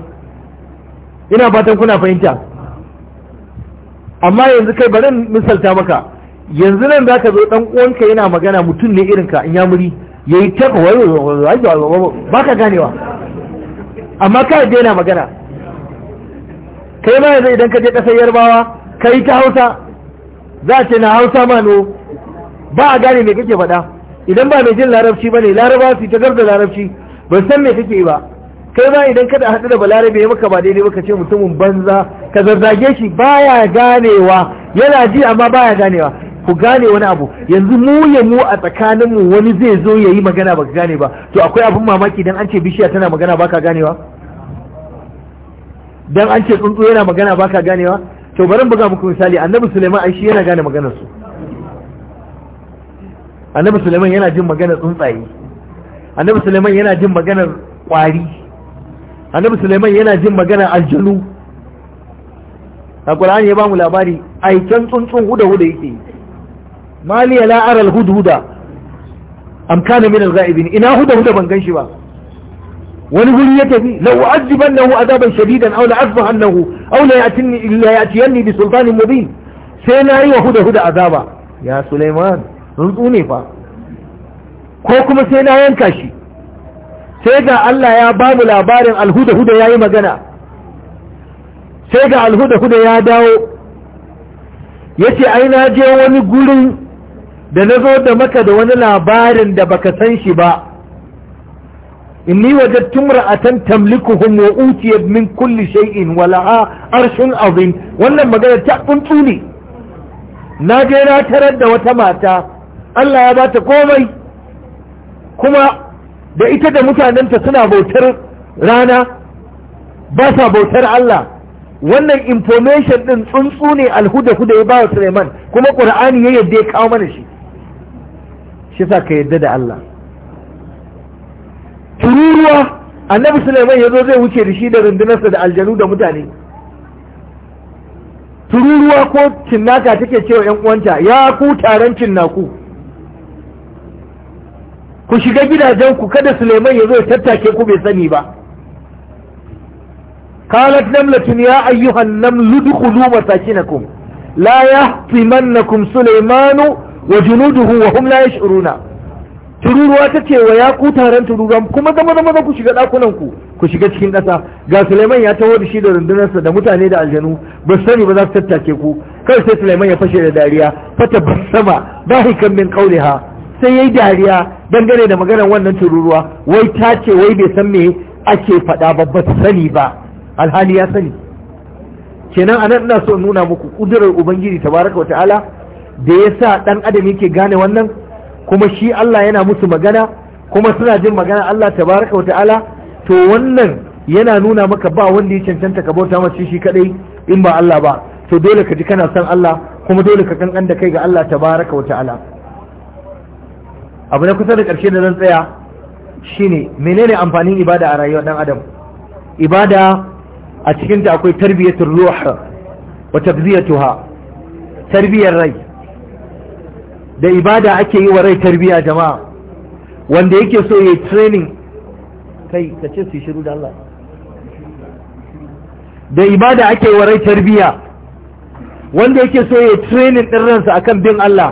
Speaker 1: ina fatan kuna fahimta amma yanzu kai bari misalta maka yanzu nan za ka zo dan uwanka yana magana mutum ne irin ka in ya muri yayi ta kawai ba ka ganewa amma ka yadda yana magana kai ma yanzu idan ka je kasar yarbawa kai ta hausa za ce na hausa ma no ba a gane me kake faɗa idan ba mai jin larabci ba ne laraba su ta garda larabci ba san me kake ba kai ma idan kada haɗu da balarabe ya maka ba daidai maka ce mutumin banza ka zarzage shi baya ganewa yana ji amma baya ganewa ku gane wani abu yanzu mu ya mu a tsakaninmu wani zai zo ya yi magana baka gane ba to akwai abin mamaki idan an ce bishiya tana magana baka ganewa dan an ce tsuntsu yana magana baka ganewa to bari buga muku misali annabi suleiman ai shi yana gane maganar su annabi suleiman yana jin maganar tsuntsaye annabi suleiman yana jin maganar kwari annabi Suleiman yana jin magana aljanu yi ya bamu labari aikan tsuntsun huda huda yake mali la ara alhudhuda am kana min alghaibin ina huda huda ban shi ba wani wuri ya tafi la'u law azibannahu azaban shadidan aw la azbahannahu aw la yatini illa yatiyanni bi sultanin mubin sai na yi wa huda huda azaba ya Suleiman tsuntsu ne fa
Speaker 2: ko kuma sai na yanka shi
Speaker 1: sai ga Allah ya ba mu labarin alhuda-huda ya yi magana sai ga alhuda-huda ya dawo ya ce ai na je wani gurin da na zo da maka da wani labarin da baka san shi ba inni wajattun ra'atan tamlikuhum wa utiyat min kulli shay'in wala a arshun abin. wannan magana ta tsuntsu ne na je na tarar da wata mata Allah ya bata komai kuma da ita da mutanenta suna bautar rana ba sa bautar Allah wannan information din tsuntsu ne alhuda huda ya bawa Suleiman kuma Qur'ani ya yadda ya kawo mana shi shi sa ka yadda da Allah tururuwa annabi Suleiman ya zo zai wuce da shi da rundunarsa da aljanu da mutane tururuwa ko cinnaka take cewa yan uwanta ya ku taron cinnaku ku shiga gidajen ku kada suleiman ya zo ya tattake ku bai sani ba قالت نملة يا أيها النمل ادخلوا مساكنكم لا يحطمنكم سليمان وجنوده وهم لا يشعرون tururuwa ta ce wa ya ku taron tururuwa kuma zama zama ku shiga ɗakunan ku shiga cikin ƙasa ga Suleiman ya taho da shi da rundunarsa da mutane da aljanu ba sani ba za su tattake ku kar sai Suleiman ya fashe da dariya fata basama dahikan min qauliha sai yayi dariya dangane da maganar wannan tururuwa wai ta ce wai bai san me ake faɗa ba ba sani ba alhali ya sani kenan anan ina so nuna muku kudurar ubangiji tabaraka wa ta'ala da ya sa ɗan adam yake gane wannan kuma shi Allah yana musu magana kuma suna jin magana Allah tabaraka wa ta'ala to wannan yana nuna maka ba wanda ya cancanta ka bauta mace shi kadai in ba Allah ba to dole ka ji kana son Allah kuma dole ka kankan da kai ga Allah tabaraka wa ta'ala abu na kusa da ƙarshe da zan tsaya shine menene amfanin ibada a rayuwar dan adam ibada a cikin ta akwai tarbiyatul ruh wa tabziyatuha tarbiyar rai da ibada ake yi wa rai tarbiya jama'a wanda yake so yayi training kai ka ce su shiru da Allah da ibada ake yi wa rai tarbiya wanda yake so yayi training din ransa akan bin Allah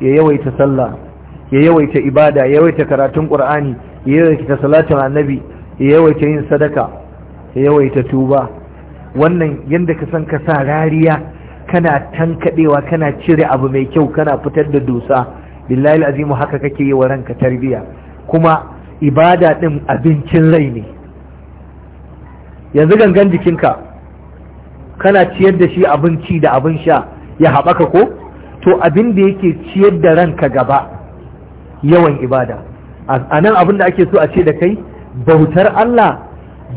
Speaker 1: ya yawaita sallah ya yawaita ibada ya yawaita karatun Ƙur'ani, ya yawaita salatin annabi ya yawaita yin sadaka ya yawaita tuba wannan yadda ka san ka sa rariya kana tankadewa kana cire abu mai kyau kana fitar da dusa billahi azimu haka kake yi wa ranka tarbiya kuma ibada din abincin rai ne yanzu gangan jikinka kana ciyar da shi abinci da abin sha ya haɓaka ko to abin da yake ciyar da ranka gaba yawan ibada a nan abin da ake so a ce da kai bautar Allah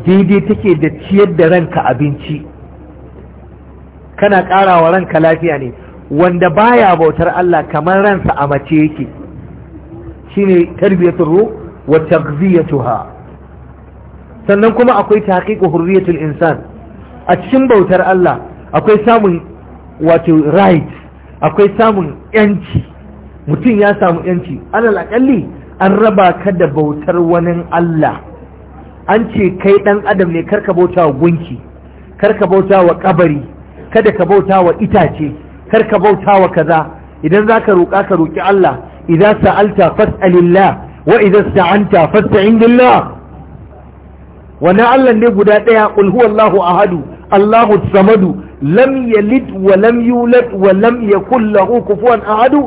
Speaker 1: daidai take da ciyar da ranka abinci kana ƙarawa ranka lafiya ne wanda baya bautar Allah kamar ransa a mace yake shine tarbiyatul ruh wa tagziyatuha sannan kuma akwai tahqiqu hurriyatul insan a cikin bautar Allah akwai samun wato right akwai samun yanci mutum ya samu yanci alal akalli an raba ka da bautar wani Allah an ce kai ɗan adam ne karka bauta wa gunki karka bauta wa kabari kada ka bauta wa itace karka bauta wa kaza idan za ka roƙa ka roƙi Allah idan sa'alta fas'alillah wa idan sta'anta fasta'in billah wani Allah ne guda ɗaya qul huwallahu ahadu Allahu samadu lam yalid wa lam yulad wa lam yakul lahu kufuwan ahadu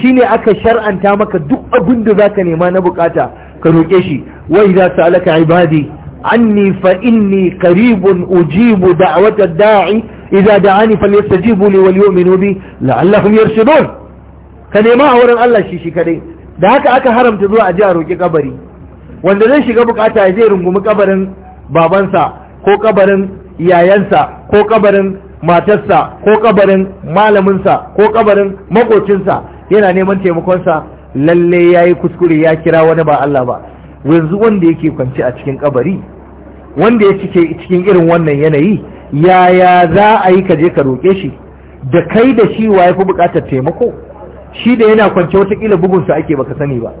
Speaker 1: Shi ne aka shar'anta maka duk abin da zaka nema na bukata ka roƙe shi wa idza sa'alaka ibadi anni fa inni qaribun ujibu da'wata da'i idza da'ani falyastajibu li wal yu'minu bi la'allahum yarshudun ka nema a wurin Allah shi shi kadai da haka aka haramta zuwa a ji a roƙi kabari wanda zai shiga bukata zai rungumi kabarin babansa ko kabarin yayansa ko kabarin matarsa ko kabarin malaminsa ko kabarin makocinsa yana neman taimakonsa lalle ya yi kuskure ya kira wani ba Allah ba yanzu wanda yake kwance a cikin kabari wanda ya cike cikin irin wannan yanayi yaya za a yi kaje ka roƙe shi da kai da shi wa ya fi buƙatar taimako shi da yana kwance watakila sa ake baka sani ba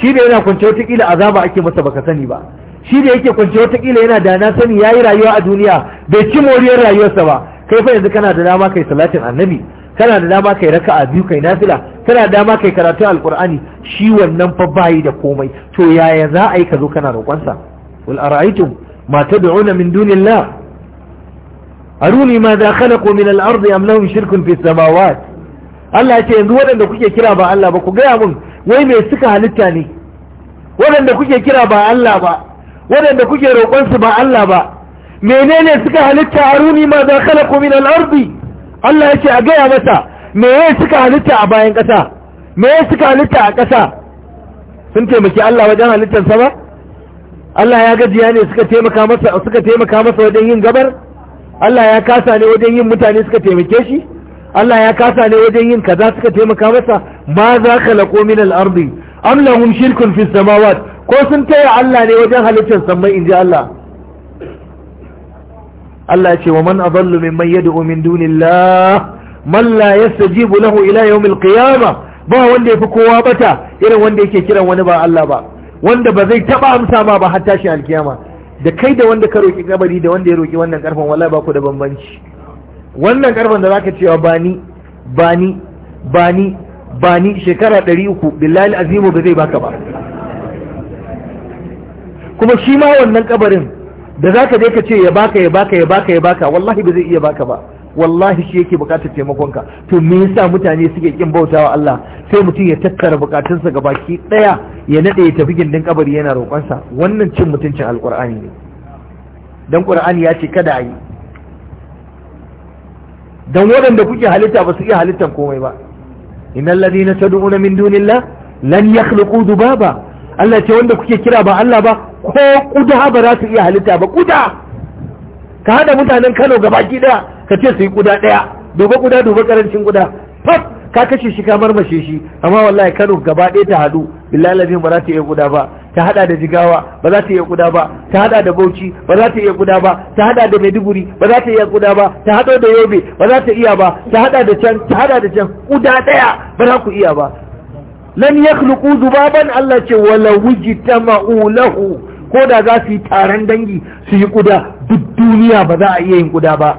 Speaker 1: shi da yana kwance watakila azaba ake masa baka sani ba shi da yake kwance watakila yana da na sani yayi rayuwa a duniya bai ci moriyar rayuwarsa ba kai fa yanzu kana da dama kai salatin annabi kana da dama kai raka'a biyu kai nafila kana da dama kai karatu alqur'ani shi wannan fa bayi da komai to yaya za a yi ka zo kana roƙon sa wal ara'aytum ma tad'una min dunillah aruni ma za khalaqu min al-ardi am lahum shirkun fi samawat Allah ya ce yanzu waɗanda kuke kira ba Allah ba ku gaya mun wai me suka halitta ne waɗanda kuke kira ba Allah ba waɗanda kuke roƙon su ba Allah ba menene suka halitta aruni ma za khalaqu min al-ardi Allah ya ce a gaya masa me ya suka halitta a bayan ƙasa me ya suka halitta a ƙasa sun taimaki Allah wajen halittarsa ba Allah ya gajiya ne suka taimaka masa suka taimaka masa wajen yin gabar Allah ya kasa ne wajen yin mutane suka taimake shi Allah ya kasa ne wajen yin kaza suka taimaka masa ma za ka laƙo min al'ardi am lahum shirkun fi samawat ko sun taya Allah ne wajen halittar sammai in ji Allah Allah ce wa man adallu mimman yad'u min dunillah man la yastajibu lahu ila yawmil qiyamah ba wanda yafi kowa bata irin wanda yake kiran wani ba Allah ba wanda ba zai taba amsa ma ba har tashi alkiyama da kai da wanda ka roki kabari da wanda ya roki wannan karfan wallahi ba ku da bambanci wannan karfan da zaka cewa bani, bani, bani, bani ba ni ba ni shekara 300 billahi azimu ba zai baka ba kuma shi ma wannan kabarin da za ka je ka ce ya baka ya baka ya baka ya baka wallahi ba zai iya baka ba wallahi shi yake bukatar taimakonka to me yasa mutane suke kin bautawa Allah sai mutum ya tattara bukatunsa ga baki daya ya nade ya tafi gindin kabari yana roƙonsa wannan cin mutuncin alkur'ani ne dan qur'ani ya ce kada yi dan waɗanda kuke halitta ba su iya halittan komai ba innal ladina tad'una min dunillahi lan yakhluqu dubaba Allah ce wanda kuke kira ba Allah ba ko kuda ba za su iya halitta ba kuda ka hada mutanen Kano gaba daya ka ce su yi kuda daya dubo kuda dubo karancin kuda fas ka kashe shi ka marmashe shi amma wallahi Kano gaba daya ta hadu billahi lazim ba za ta iya kuda ba ta hada da Jigawa ba za ta iya kuda ba ta hada da Bauchi ba za ta iya kuda ba ta hada da Maiduguri ba za ta iya kuda ba ta hada da Yobe ba za ta iya ba ta hada da can ta hada da can kuda daya ba za ku iya ba lan yakhluqu zubaban Allah ce wala ta lahu ko da za su yi taron dangi su yi kuda duk duniya ba za a iya yin kuda ba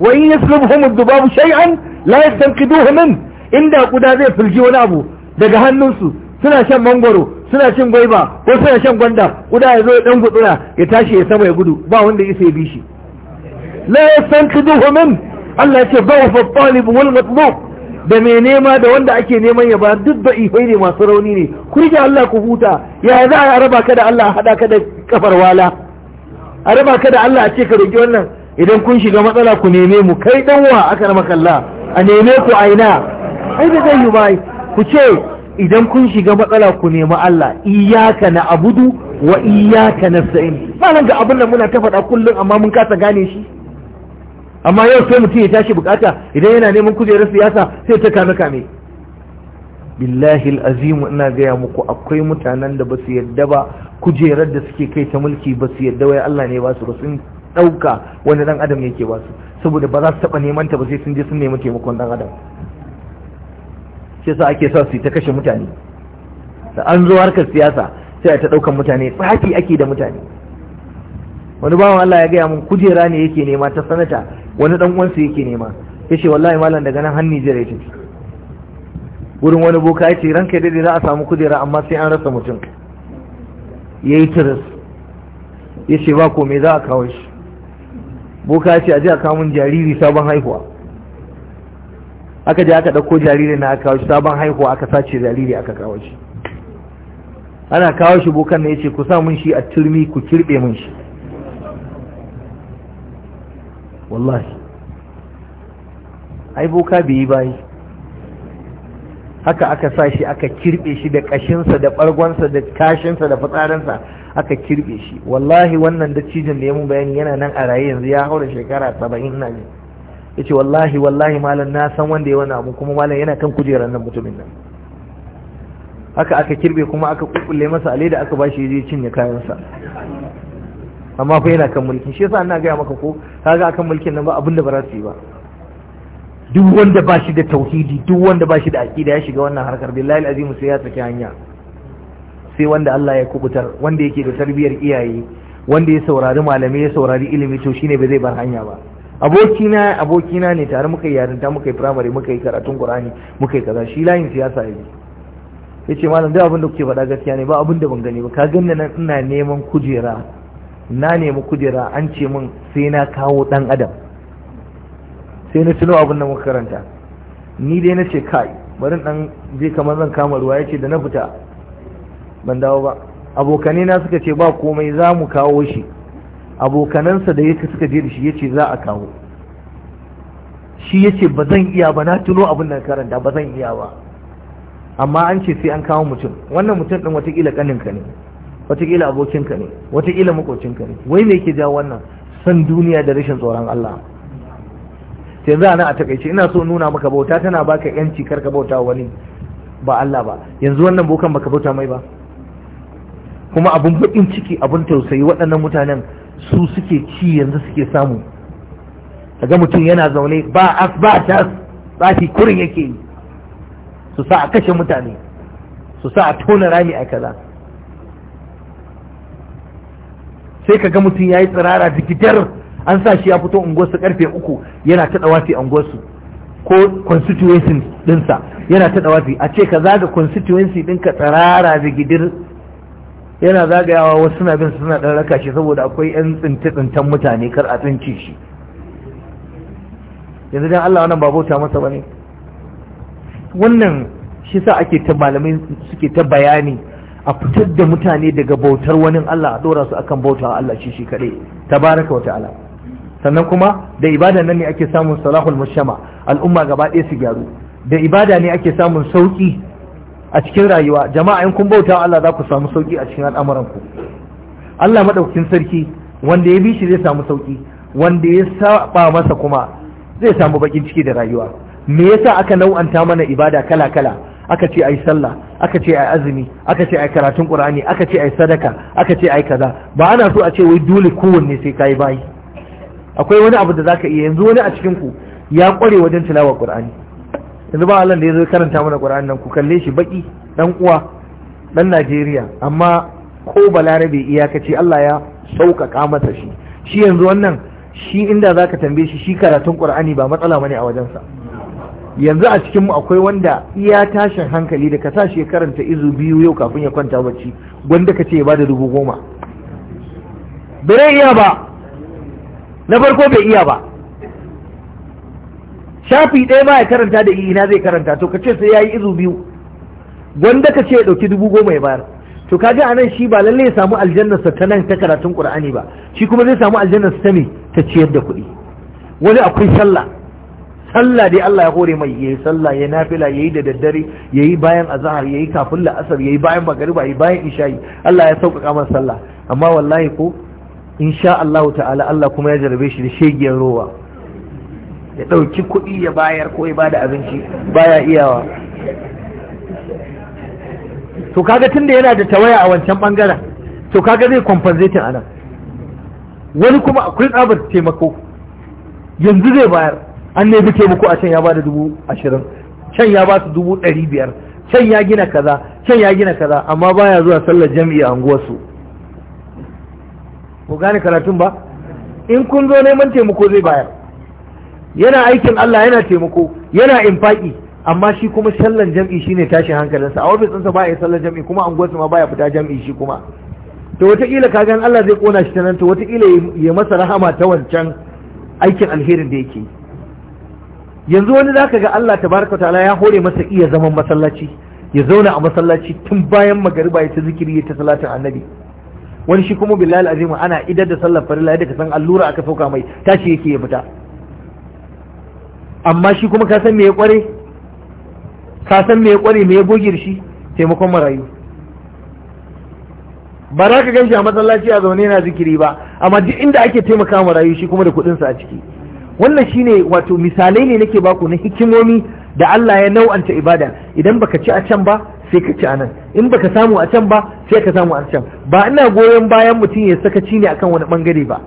Speaker 1: wa in yaslubhum dhubabu shay'an la yastanqiduhu min inda kuda zai fulji wani abu daga hannunsu suna shan mangoro suna cin gwaiba ko suna shan gwanda kuda ya zo dan gudura ya tashi ya sama ya gudu ba wanda isa ya bi shi la yastanqiduhu min Allah ya ce ba wa fa talib wal matlub da mai nema da wanda ake neman ya ba duk da ifai ne masu rauni ne ku rike Allah ku huta ya za a raba ka da Allah haɗa ka da kafar wala a raba ka da Allah a ce ka roki wannan idan kun shiga matsala ku neme mu kai dan wa aka rama kalla a neme ku aina ai da zai yi bai ku ce idan kun shiga matsala ku nemi Allah iyyaka na abudu wa iyyaka nasta'in malan ga abin da muna ta faɗa kullum amma mun kasa gane shi amma yau sai mutum ya tashi bukata idan yana neman kujerar siyasa sai ta kame kame billahi azimu ina gaya muku akwai mutanen da ba su yadda ba kujerar da suke kai ta mulki ba su yadda wai Allah ne ba su ba sun ɗauka wani ɗan adam yake ba su saboda ba za su taɓa neman ta ba sai sun je sun nemi taimakon ɗan adam Sai sa ake sa su ta kashe mutane da an zo harkar siyasa sai a ta ɗaukan mutane tsaki ake da mutane wani bawan Allah ya gaya mun kujera ne yake nema ta sanata wani ɗan uwansa yake nema ya ce, wallahi malam daga nan hannu jira ciki wurin wani boka yace ranka daidai za a samu kujera amma sai an rasa mutum Ya yi tiris ce ba kome me za a kawo shi boka ya ce, a kawo mun jariri sabon haihuwa aka je aka ɗauko jariri na aka kawo shi sabon haihuwa aka sace jariri aka kawo shi ana kawo shi bokan ne ce, ku sa mun shi a turmi ku kirɓe mun shi wallahi ai boka bai yi bayi haka aka sa shi aka kirbe shi da kashinsa da bargonsa da kashinsa da fitsarinsa aka kirbe shi wallahi wannan cijin da ya mun bayani yana nan a raye yanzu ya haura shekara saba'in na ne ya ce wallahi wallahi malam na san wanda ya wani abu kuma malam yana kan kujerar nan mutumin nan haka aka kirbe kuma aka kukulle masa alai da aka bashi ya je cinye kayansa amma fa yana kan mulki shi yasa ina gaya maka ko kaga akan mulkin nan ba abin da ba za su yi ba duk wanda ba shi da tauhidi duk wanda ba shi da aqida ya shiga wannan harkar billahi alazim sai ya tsaki hanya sai wanda Allah ya kubutar wanda yake da tarbiyar iyaye wanda ya saurari malamai ya saurari ilimi to shine ba zai bar hanya ba abokina na ne tare muka yi yarinta muka yi firamare muka yi karatun qur'ani muka yi kaza shi layin siyasa ya yace malam duk abin da kuke faɗa gaskiya ne ba abin da ban gani ba ka ganna nan ina neman kujera na nemi kujera an ce min sai na kawo ɗan adam sai na tuno abin da muka karanta ni dai na ce kai bari ɗan je kamar zan kama ruwa ya ce da na fita ban dawo ba abokanai na suka ce ba komai za mu kawo shi abokanansa da yake suka je da shi ya ce za a kawo shi ya ce ba zan iya ba na tuno abin da karanta ba zan iya ba amma an ce sai an kawo mutum wannan mutum ɗin watakila ƙaninka ne watakila abokinka ne watakila makocinka ne wai me yake ja wannan san duniya da rashin tsoron Allah sai za a takaice ina so nuna maka bauta tana baka yanci karka bauta wani ba Allah ba yanzu wannan bokan baka bauta mai ba kuma abun bakin ciki abun tausayi waɗannan mutanen su suke ci yanzu suke samu ga mutum yana zaune ba as ba tas tsafi kurin yake yi su sa a kashe mutane su sa a tona rami a kaza sai ka ga mutum ya yi tsirara jikitar an sa shi ya fito unguwarsu karfe uku yana ta dawafi unguwarsu ko constituency dinsa yana ta dawafi a ce ka zaga constituency dinka tsirara digidir yana zagayawa wasu suna bin suna dan raka shi saboda akwai yan tsince tsintan mutane kar a tsinci shi yanzu dan Allah wannan ba bauta masa bane wannan shi sa ake ta malamai suke ta bayani a fitar da mutane daga bautar wani Allah a dora su akan bauta Allah shi shi kaɗai tabaraka wata ala. sannan kuma da ibada nan ne ake samun salahul mushama al'umma gaba ɗaya su gyaru da ibada ne ake samun sauki a cikin rayuwa jama'a in kun bauta Allah za ku samu sauki a cikin al'amuran ku Allah madaukakin sarki wanda ya bi shi zai samu sauki wanda ya saba masa kuma zai samu bakin ciki da rayuwa me yasa aka nau'anta mana ibada kala kala aka ce ai sallah aka ce ai azumi aka ce ai karatun qur'ani aka ce ai sadaka aka ce ai kaza ba ana so a ce wai dole kowanne sai kai bayi akwai wani abu da zaka iya yanzu wani a cikin ku ya kware wajen tilawa qur'ani yanzu ba Allah da ya zo karanta mana qur'ani nan ku kalle shi baki dan uwa dan Najeriya amma ko balarabe iyakaci Allah ya sauƙaƙa masa shi shi yanzu wannan shi inda zaka tambaye shi shi karatun qur'ani ba matsala bane a wajensa yanzu a cikin mu akwai wanda iya tashin hankali da ka sa shi karanta izu biyu yau kafin ya kwanta bacci gwanda ka ce ya bada dubu goma bai iya ba na farko bai iya ba shafi ɗaya ba ya karanta da ina zai karanta to ka ce sai ya yi izu biyu gwanda ka ce ya ɗauki dubu goma ya bayar to kaga anan shi ba lallai ya samu aljannarsa ta nan ta karatun qur'ani ba shi kuma zai samu aljannarsa ta me ta ciyar da kuɗi wani akwai sallah sallah dai Allah ya hore mai yayi sallah ya nafila yayi da daddare yayi bayan azhar yayi kafin la'asar yayi bayan magriba yayi bayan isha'i Allah ya sauƙaƙa masa sallah amma wallahi ko insha Allah ta'ala Allah kuma ya jarabe shi da shegiyar rowa ya ɗauki kuɗi ya bayar ko ya bada abinci baya iyawa to kaga tunda yana da tawaya a wancan bangaren to kaga zai compensating anan wani kuma akwai tsabar taimako yanzu zai bayar an ne bike taimako a can ya ba da dubu ashirin can ya ba su dubu ɗari biyar can ya gina kaza can ya gina kaza amma baya zuwa sallar jam'i a anguwarsu ku gane karatun ba in kun zo neman taimako zai bayar yana aikin Allah yana taimako yana infaki amma shi kuma sallan jam'i shine tashin hankalinsa a ofis ɗinsa baya sallan jam'i kuma anguwarsa ma baya fita jam'i shi kuma to wataƙila gan Allah zai kona shi ta nan to wataƙila ya masa rahama ta wancan aikin alherin da yake yi yanzu wani ka ga Allah tabaraka ta'ala ya hore masa iya zaman masallaci ya zauna a masallaci tun bayan magariba ya ta zikiri ya ta salatin annabi wani shi kuma billahi azimu ana idar da sallar farilla yadda ka san allura aka sauka mai tashi yake ya fita amma shi kuma ka san me ya kware ka san me ya kware me ya goge shi taimakon marayu ba za ka gan shi a masallaci a zaune yana zikiri ba amma duk inda ake taimaka marayu shi kuma da sa a ciki wannan shine wato misalai ne nake baku na hikimomi da Allah ya nau'anta ibada idan baka ci a can ba sai ka ci a nan in baka samu a can ba sai ka samu a can ba ina goyon bayan mutum ya sakaci ne akan wani bangare ba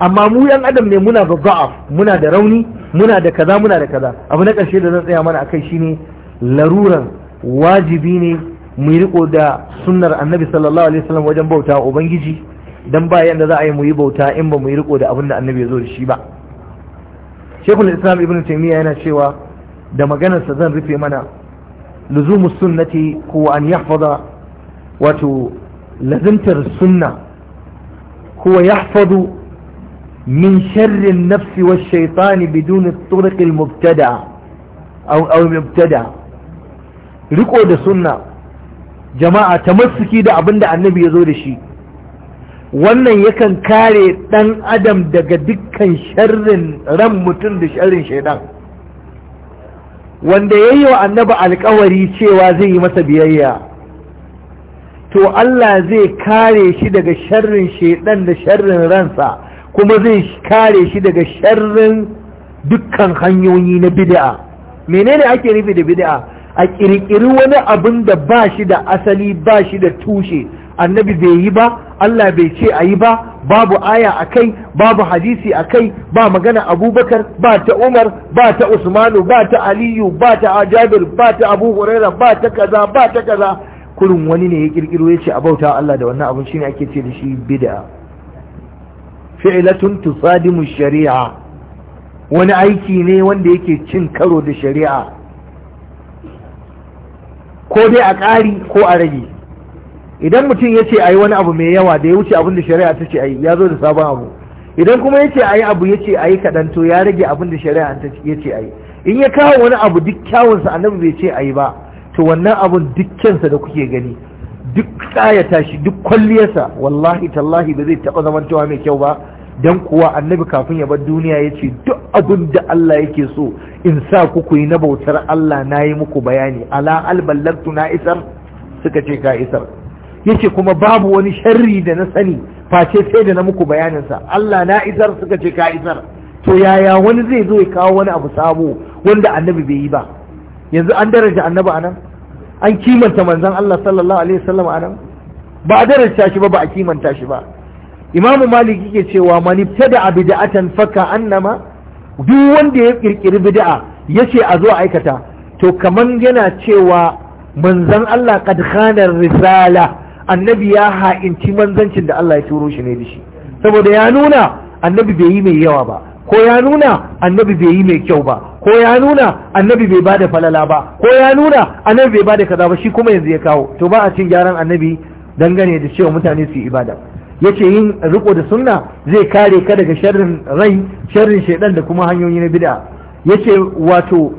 Speaker 1: amma mu yan adam ne muna da za'af muna da rauni muna da kaza muna da kaza abu na karshe da zan tsaya mana akai shine laruran wajibi ne mu riko da sunnar annabi sallallahu alaihi wasallam wajen bauta ubangiji dan ba yanda za a yi mu yi bauta in ba mu riko da abin da annabi ya zo da shi ba shekul islam ibn taimiyya yana cewa da maganarsa zan rufe mana luzumu sunnati ko an yahfaza wato lazimtar sunna ko yahfazu min sharrin nafsi wa shaitani biduni turuqil mubtada aw aw mubtada riko da sunna jama'a tamassuki da abinda annabi ya zo da shi wannan yakan kare ɗan adam daga dukkan sharrin ran mutum da sharrin shaidan wanda ya yi wa annaba alkawari cewa zai yi masa biyayya to Allah zai kare shi daga sharrin shaidan da sharrin ransa kuma zai kare shi daga sharrin dukkan hanyoyi na bid'a menene ake nufi da bid'a a kirkiri wani abin da ba shi da asali ba shi da tushe annabi bai yi ba Allah bai ce a yi ba babu aya a kai babu hadisi a kai ba magana abubakar ba ta umar ba ta usmanu ba ta aliyu ba ta ajabir ba ta abu huraira ba ta kaza ba ta kaza kurin wani ne ya kirkiro ya ce a bauta Allah da wannan abin shine ake ce da shi bid'a fi'latun tusadimu shari'a wani aiki ne wanda yake cin karo da shari'a ko dai a ƙari ko a rage idan mutum ya ce a wani abu mai yawa da ya wuce abin da shari'a ta ce a ya zo da sabon abu idan kuma ya ce a abu ya ce a kaɗan to ya rage abin da shari'a ta ce a yi in ya kawo wani abu duk kyawunsa annabi bai ce ayi ba to wannan abun dukkansa da kuke gani duk tsayata shi duk kwalliyarsa wallahi tallahi ba zai taɓa zamantawa mai kyau ba dan kuwa annabi kafin ya bar duniya ya ce duk abin da Allah yake so in sa ku yi na bautar Allah na yi muku bayani ala alballaktu na isar suka ce ka isar yace kuma babu wani sharri da na sani face sai da na muku bayaninsa Allah na isar suka ce ka isar to yaya wani zai zo ya kawo wani abu sabo wanda annabi bai yi ba yanzu an daraja annabi anan an kimanta manzan Allah sallallahu alaihi wasallam anan ba a daraja shi ba ba a kimanta shi ba Imam Malik yake cewa man ibtada bid'atan faka annama duk wanda ya kirkiri bid'a yace a zo aikata to kaman yana cewa manzon Allah kad khana risala annabi ya ha'inci manzancin da Allah ya turo shi ne da shi saboda ya nuna annabi bai yi mai yawa ba ko ya nuna annabi bai yi mai kyau ba ko ya nuna annabi bai bada falala ba ko ya nuna annabi bai bada kaza ba shi kuma yanzu ya kawo to ba a cin gyaran annabi dangane da cewa mutane su yi ibada yace yin riko da sunna zai kare ka daga sharrin rai sharrin shaidan da kuma hanyoyi na bid'a yace wato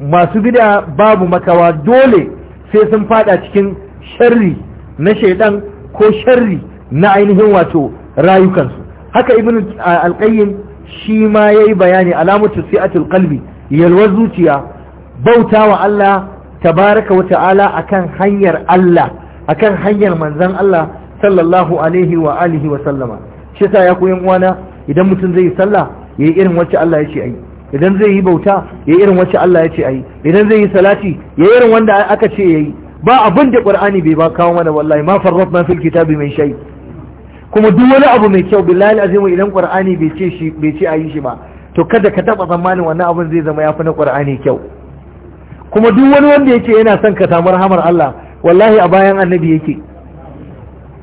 Speaker 1: masu bid'a babu makawa dole sai sun fada cikin sharri na shaidan ko sharri na ainihin wato rayukansu haka ibn alqayyim shi ma yi bayani alamatu si'atul qalbi yalwar zuciya bautawa Allah tabaraka wa ta'ala akan hanyar Allah akan hanyar manzan Allah sallallahu alaihi wa alihi wa sallama shi ya koyan uwana idan mutum zai yi sallah yayi irin wacce Allah ya ce ayi idan zai yi bauta yayi irin wacce Allah ya ce ayi idan zai yi salati yayi irin wanda aka ce yayi ba abin da qur'ani bai ba kawo mana wallahi ma farratna fil kitabi mai shai. kuma duk wani abu mai kyau billahi azim idan qur'ani bai ce shi bai ce ayi shi ba to kada ka taba tsammanin wannan abin zai zama ya fi na qur'ani kyau kuma duk wani wanda yake yana son ka samu rahamar Allah wallahi a bayan annabi yake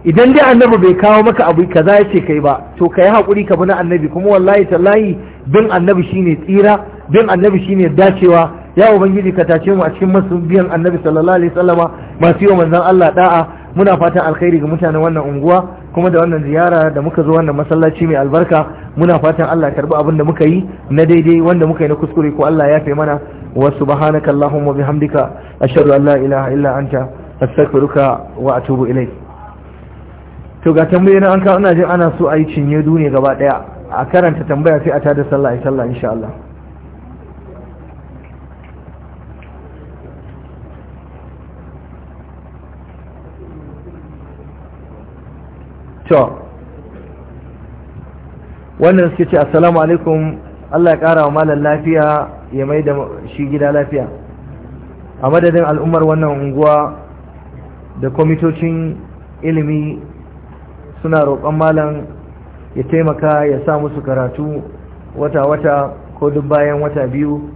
Speaker 1: idan dai annabi bai kawo maka abu kaza yace kai ba to kai hakuri ka bi na annabi kuma wallahi tallahi bin annabi shine tsira bin annabi shine dacewa ya ubangiji ka tace mu a cikin masu biyan annabi sallallahu alaihi wasallama masu yi manzon Allah da'a muna fatan alkhairi ga mutanen wannan unguwa kuma da wannan ziyara da muka zo wannan masallaci mai albarka muna fatan Allah ya karbi abin da muka yi na daidai wanda muka yi na kuskure ko Allah ya yafe mana wa subhanaka allahumma bihamdika ashhadu an la ilaha illa anta astaghfiruka wa atubu ilaik to ga tambaye na an ka ina jin ana so a yi cinye duniya gaba daya a karanta tambaya sai a tada sallah ai sallah insha Allah to wannan suke ce assalamu alaikum Allah ya kara wa malam lafiya ya mai da shi gida lafiya a madadin al'ummar wannan unguwa da kwamitocin ilimi suna roƙon malam ya taimaka ya sa musu karatu wata-wata ko duk bayan wata biyu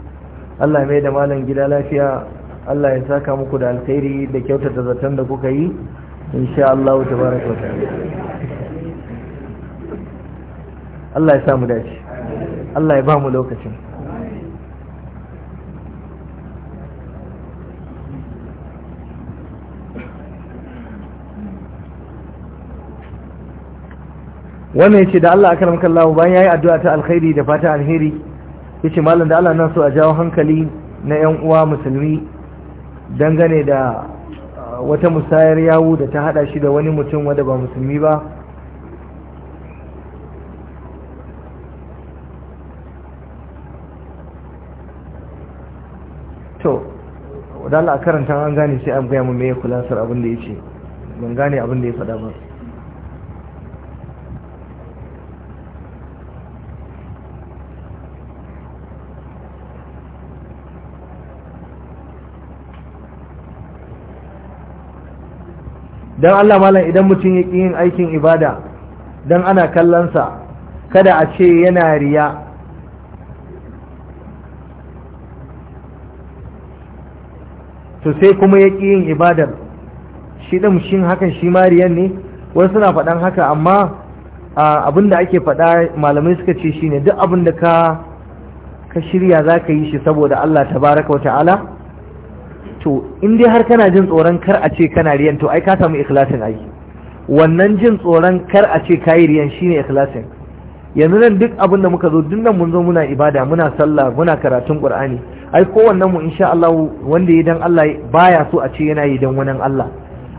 Speaker 1: Allah mai da malam gida lafiya Allah ya saka muku da alkhairi da kyautata zaton da kuka yi in sha Allah ta baraka wata Allah ya samu dace Allah ya ba mu lokacin wannan ce da Allah kan kallahu bayan yi addu'a ta alkhairi da fata alheri ce malam da Allah nan so a jawo hankali na yan uwa musulmi dangane da wata musayar yawu da ta hada shi da wani mutum wanda ba musulmi ba to wadala a karanta an gane sai an gaya mu mai kulasar abin da ya ce ban gane abin da ya fada ba don Allah malam idan mutum ya ƙi yin aikin ibada don ana kallonsa kada a ce yana riya to sai kuma ya yin ibadar shi ɗin shin hakan shi mariyan ne wasu suna faɗan haka amma abin da ake faɗa malamai suka ce shi ne duk abin da ka shirya za ka yi shi saboda Allah Ta baraka wa ta'ala to in dai har kana jin tsoron kar a ce kana riyan to ai ka samu ikhlasin ai wannan jin tsoron kar a ce kayi riyan shine ikhlasin yanzu nan duk abin da muka zo duk nan mun zo muna ibada muna sallah muna karatun qur'ani ai ko wannan mu insha Allah wanda ya dan Allah baya so a ce yana yi dan wannan Allah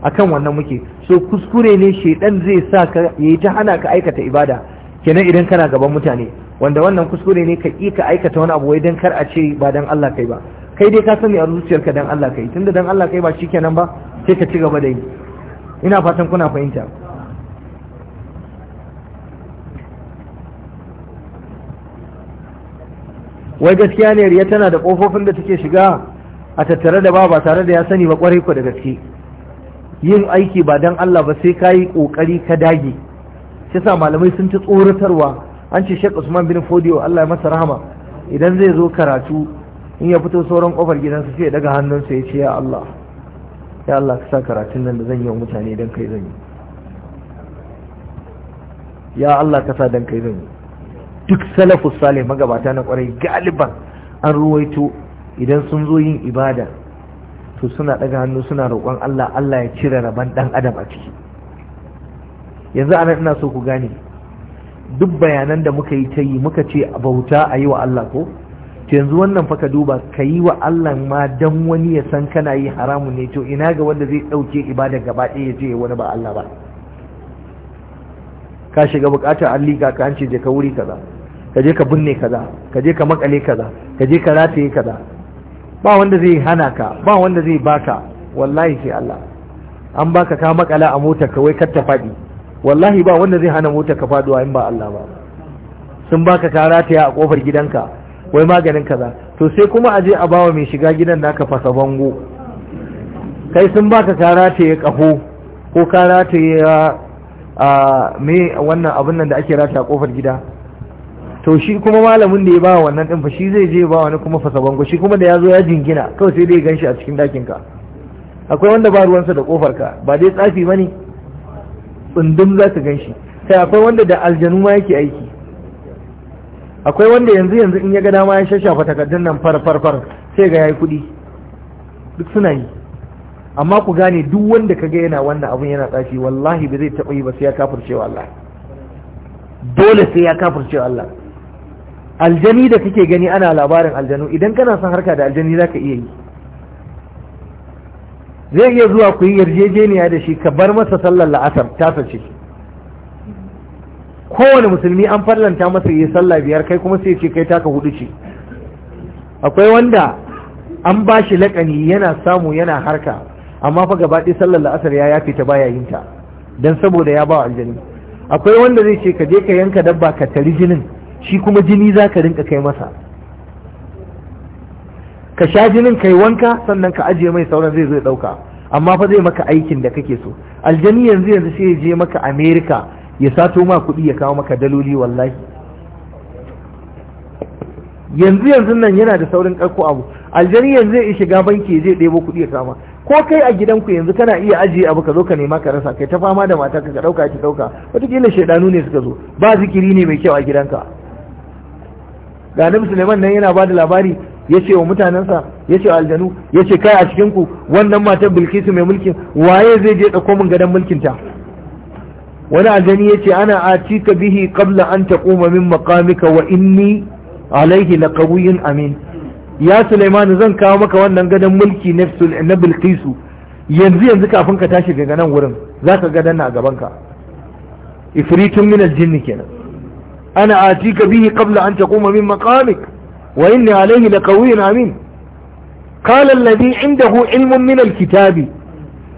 Speaker 1: akan wannan muke so kuskure ne shedan zai sa ka yayi ta hana ka aikata ibada kenan idan kana gaban mutane wanda wannan kuskure ne ka ƙi ka aikata wani abu wai dan kar a ce ba dan Allah kai ba kai dai ka sani a zuciyarka dan Allah kai tunda dan Allah kai ba shikenan ba sai ka ci gaba da yi ina fatan kuna fahimta wai gaskiya ne riya tana da kofofin da take shiga a tattare da ba ba tare da ya sani ba kwarai ku da gaske yin aiki ba dan Allah ba sai kayi kokari ka dage shi sa malamai sun ci tsoratarwa an ce Sheikh Usman bin Fodio Allah ya masa rahama idan zai zo karatu in ya fito sauran ƙofar gidansa sai ya daga hannunsa ya ce ya Allah ya Allah ka sa karatun nan da zan yi wa mutane don kai zan yi ya Allah ka sa don kai zan yi duk salafus salih magabata na kwarai galiban an ruwaito idan sun zo yin ibada to suna daga hannu suna roƙon Allah Allah ya cire rabon dan adam a ciki yanzu anan ina so ku gane duk bayanan da muka yi ta yi muka ce bauta a yi wa Allah ko to yanzu wannan fa ka duba ka yi wa Allah ma dan wani ya san kana yi haramun ne to ina ga wanda zai ɗauke ibada gaba ɗaya ya je wani ba Allah ba ka shiga buƙatar an ka hanci je ka wuri kaza ka je ka binne kaza ka je ka makale kaza ka je ka rataye kaza ba wanda zai hana ka ba wanda zai baka wallahi sai Allah an baka ka makala a motar ka wai kar ta faɗi wallahi ba wanda zai hana motar ka faduwa in ba Allah ba sun baka ka rataya a kofar gidanka wai maganin kaza to sai kuma aje a bawa mai shiga gidan naka fasa bango kai sun baka ka ya kaho ko ta ya a me wannan abin nan da ake rata a kofar gida to shi kuma malamin da ya ba wannan din fa shi zai je ba wani kuma fasa bango shi kuma da ya ya jingina kawai sai dai ganshi a cikin dakin ka akwai wanda ba ruwansa da kofar ka ba dai tsafi bane tsundum za ka ganshi sai akwai wanda da aljanu ma yake aiki akwai wanda yanzu yanzu in ya ga dama ya shashafa takardun nan farfarfar sai ga yayi kuɗi duk suna yi amma ku gane duk wanda ka ga yana wannan abun yana tsafi wallahi ba zai taɓa yi ba sai ya kafircewa Allah dole sai ya kafircewa Allah aljani da kake gani ana labarin aljanu idan kana son harka da aljani ka iya yi zai iya zuwa ku yi yarjejeniya da shi ka bar masa sallar la'asar tasa ce kowane musulmi an farlanta masa yi sallah biyar kai kuma sai ce kai taka hudu ce akwai wanda an ba shi laƙani yana samu yana harka amma fa gaba ɗaya sallar la'asar ya yafe ta baya yinta don saboda ya ba wa aljani akwai wanda zai ce ka je ka yanka dabba ka tari jinin shi kuma jini za ka rinka kai masa ka sha jinin kai wanka sannan ka ajiye mai sauran zai zo ɗauka amma fa zai maka aikin da kake so aljani yanzu yanzu sai ya je maka Amerika. ya sato ma kuɗi ya kawo maka daloli wallahi yanzu yanzu nan yana da saurin karko abu aljani yanzu zai shiga banki zai ɗebo kuɗi ya kama ko kai a gidanku yanzu kana iya ajiye abu ka zo ka nema ka rasa kai ta fama da mata ka ɗauka ki ɗauka wataƙila shaidanu ne suka zo ba zikiri ne mai kyau a gidanka ga nabi suleiman nan yana ba da labari ya ce wa mutanensa ya ce aljanu ya ce kai a cikinku wannan matar bilkisu mai mulkin waye zai je ɗauko min gadon ta? wani ya ce, ana atika bihi kabla an taquma min maqamika wa inni alaihi na laqawiyyun amin ya Suleiman zan kawo maka wannan gadon mulki na Bilkisu yanzu yanzu kafin ka tashi daga nan wurin za ka ga na a gaban ka ifritun min aljinn kenan ana atika bihi kabla an taquma min maqamik wa inni alaihi na laqawiyyun amin qala inda indahu ilmun min alkitabi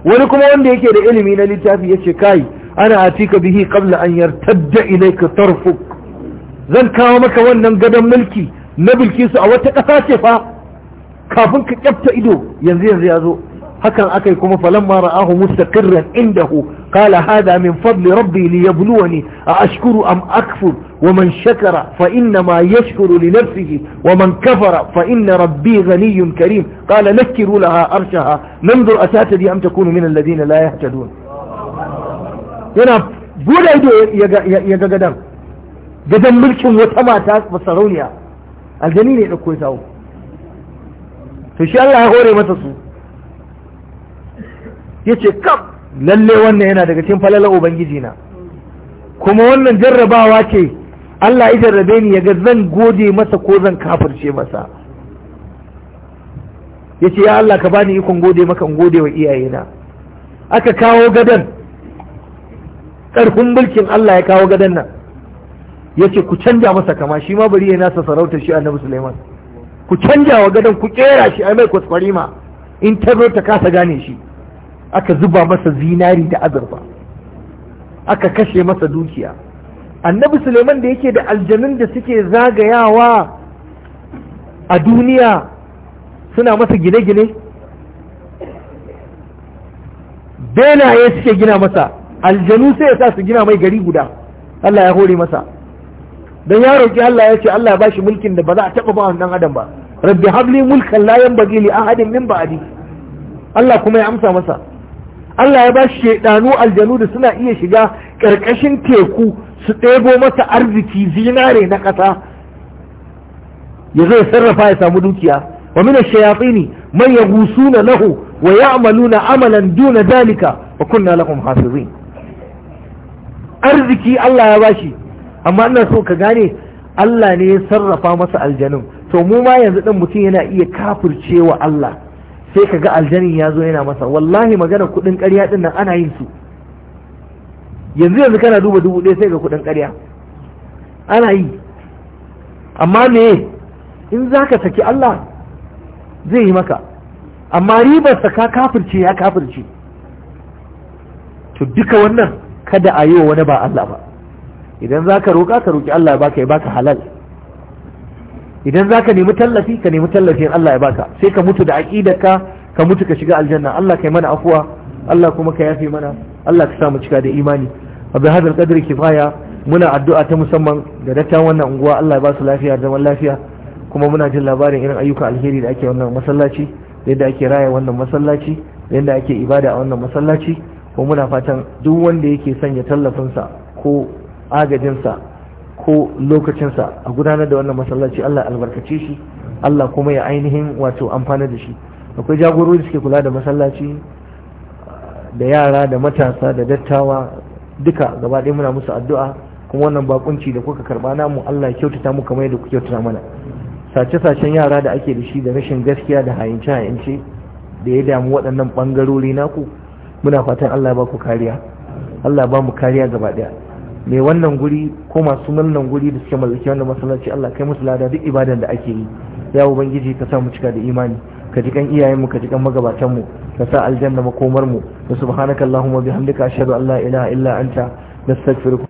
Speaker 1: wani kuma wanda yake da ilimi na littafi ya yace kai أنا أتيك به قبل أن يرتد إليك طرفك ذن كامك ونن قدم ملكي نبي الكيس أو تقفاشفا كافنك كبت إدو ينزين زيادو هكا أكيكم فلما رآه مستقرا عنده قال هذا من فضل ربي ليبلوني أشكر أم أكفر ومن شكر فإنما يشكر لنفسه ومن كفر فإن ربي غني كريم قال نكروا لها أرشها ننظر أساتذي أم تكون من الذين لا يهتدون yana bude ido ya ga gadan gadan mulkin wata mata sarauniya aljani ne ɗauko ya to shi Allah ya hore mata su ya ce kam lalle wannan yana daga cikin falala ubangiji na kuma wannan jarrabawa ce Allah ya jarrabe ni yaga zan gode masa ko zan kafirce masa ya ce ya Allah ka bani ikon gode maka in gode wa iyayena aka kawo gadan ƙarfin mulkin Allah ya kawo gadon nan ya ce ku canja masa kama shi ma bari ya nasa sarauta shi annabi Sulaiman ku canja wa gadon ku kera shi a mai kwaskwarima in ta ta kasa gane shi aka zuba masa zinari da azurfa aka kashe masa dukiya annabi Suleiman da yake da aljanun da suke zagayawa a duniya suna masa gine-gine benaye suke gina masa aljanu sai ya sa su gina mai gari guda Allah ya hore masa dan ya roki Allah ya ce Allah ya bashi mulkin da ba za a taba ba wannan adam ba rabbi habli mulkan la yanbaghi li ahadin min ba'di Allah kuma ya amsa masa Allah ya bashi shedanu aljanu da suna iya shiga karkashin teku su ɗebo masa arziki zinare na ƙasa ya zai sarrafa ya samu dukiya wa min ash-shayatin man yaghusuna lahu wa ya'maluna amalan duna dalika wa kunna lahum hafizin arziki Allah ya bashi amma ina so ka gane Allah ne ya sarrafa masa aljanin to mu ma yanzu ɗin mutum yana iya kafircewa Allah sai ka ga aljanin ya zo yana masa wallahi magana kuɗin ƙarya ɗin nan ana yin su yanzu yanzu kana duba dubu ɗaya sai ga kuɗin ƙarya ana yi amma me in za ka saki Allah zai yi maka amma ribar saka kafirce ya kafirce to duka wannan kada a yi wa wani ba Allah ba idan za ka roƙa ka roƙi Allah ya baka ya baka halal idan za ka nemi tallafi ka nemi tallafin Allah ya baka sai ka mutu da aƙidarka ka mutu ka shiga aljanna Allah ka yi mana afuwa Allah kuma ka yafe mana Allah ka samu cika da imani abu hadar kadar kifaya muna addu'a ta musamman ga dattawan wannan unguwa Allah ya ba su lafiya da zaman lafiya kuma muna jin labarin irin ayyuka alheri da ake wannan masallaci da yadda ake raya wannan masallaci da yadda ake ibada a wannan masallaci ko muna fatan duk wanda yake sanya tallafinsa ko agajinsa ko lokacinsa a gudanar da wannan masallaci Allah albarkace shi Allah kuma ya ainihin wato amfana da shi akwai jagorori da suke kula da masallaci da yara da matasa da dattawa duka gaba ɗaya muna musu addu'a kuma wannan bakunci da kuka karba namu Allah ya kyautata mu kamar yadda ku kyautata mana sace-sacen yara da ake da shi da rashin gaskiya da hayince-hayince da ya damu waɗannan bangarori naku muna fatan Allah ba ku kariya Allah ba mu kariya gaba daya mai wannan guri ko masu wannan guri da suke mallaki wannan masallaci Allah kai musu lada duk ibadan da ake yi ya ubangiji ka sa mu cika da imani ka ji kan iyayen mu ka ji kan magabatan mu ka sa aljanna makomar mu subhanakallahumma bihamdika ashhadu an la ilaha illa anta nastaghfiruka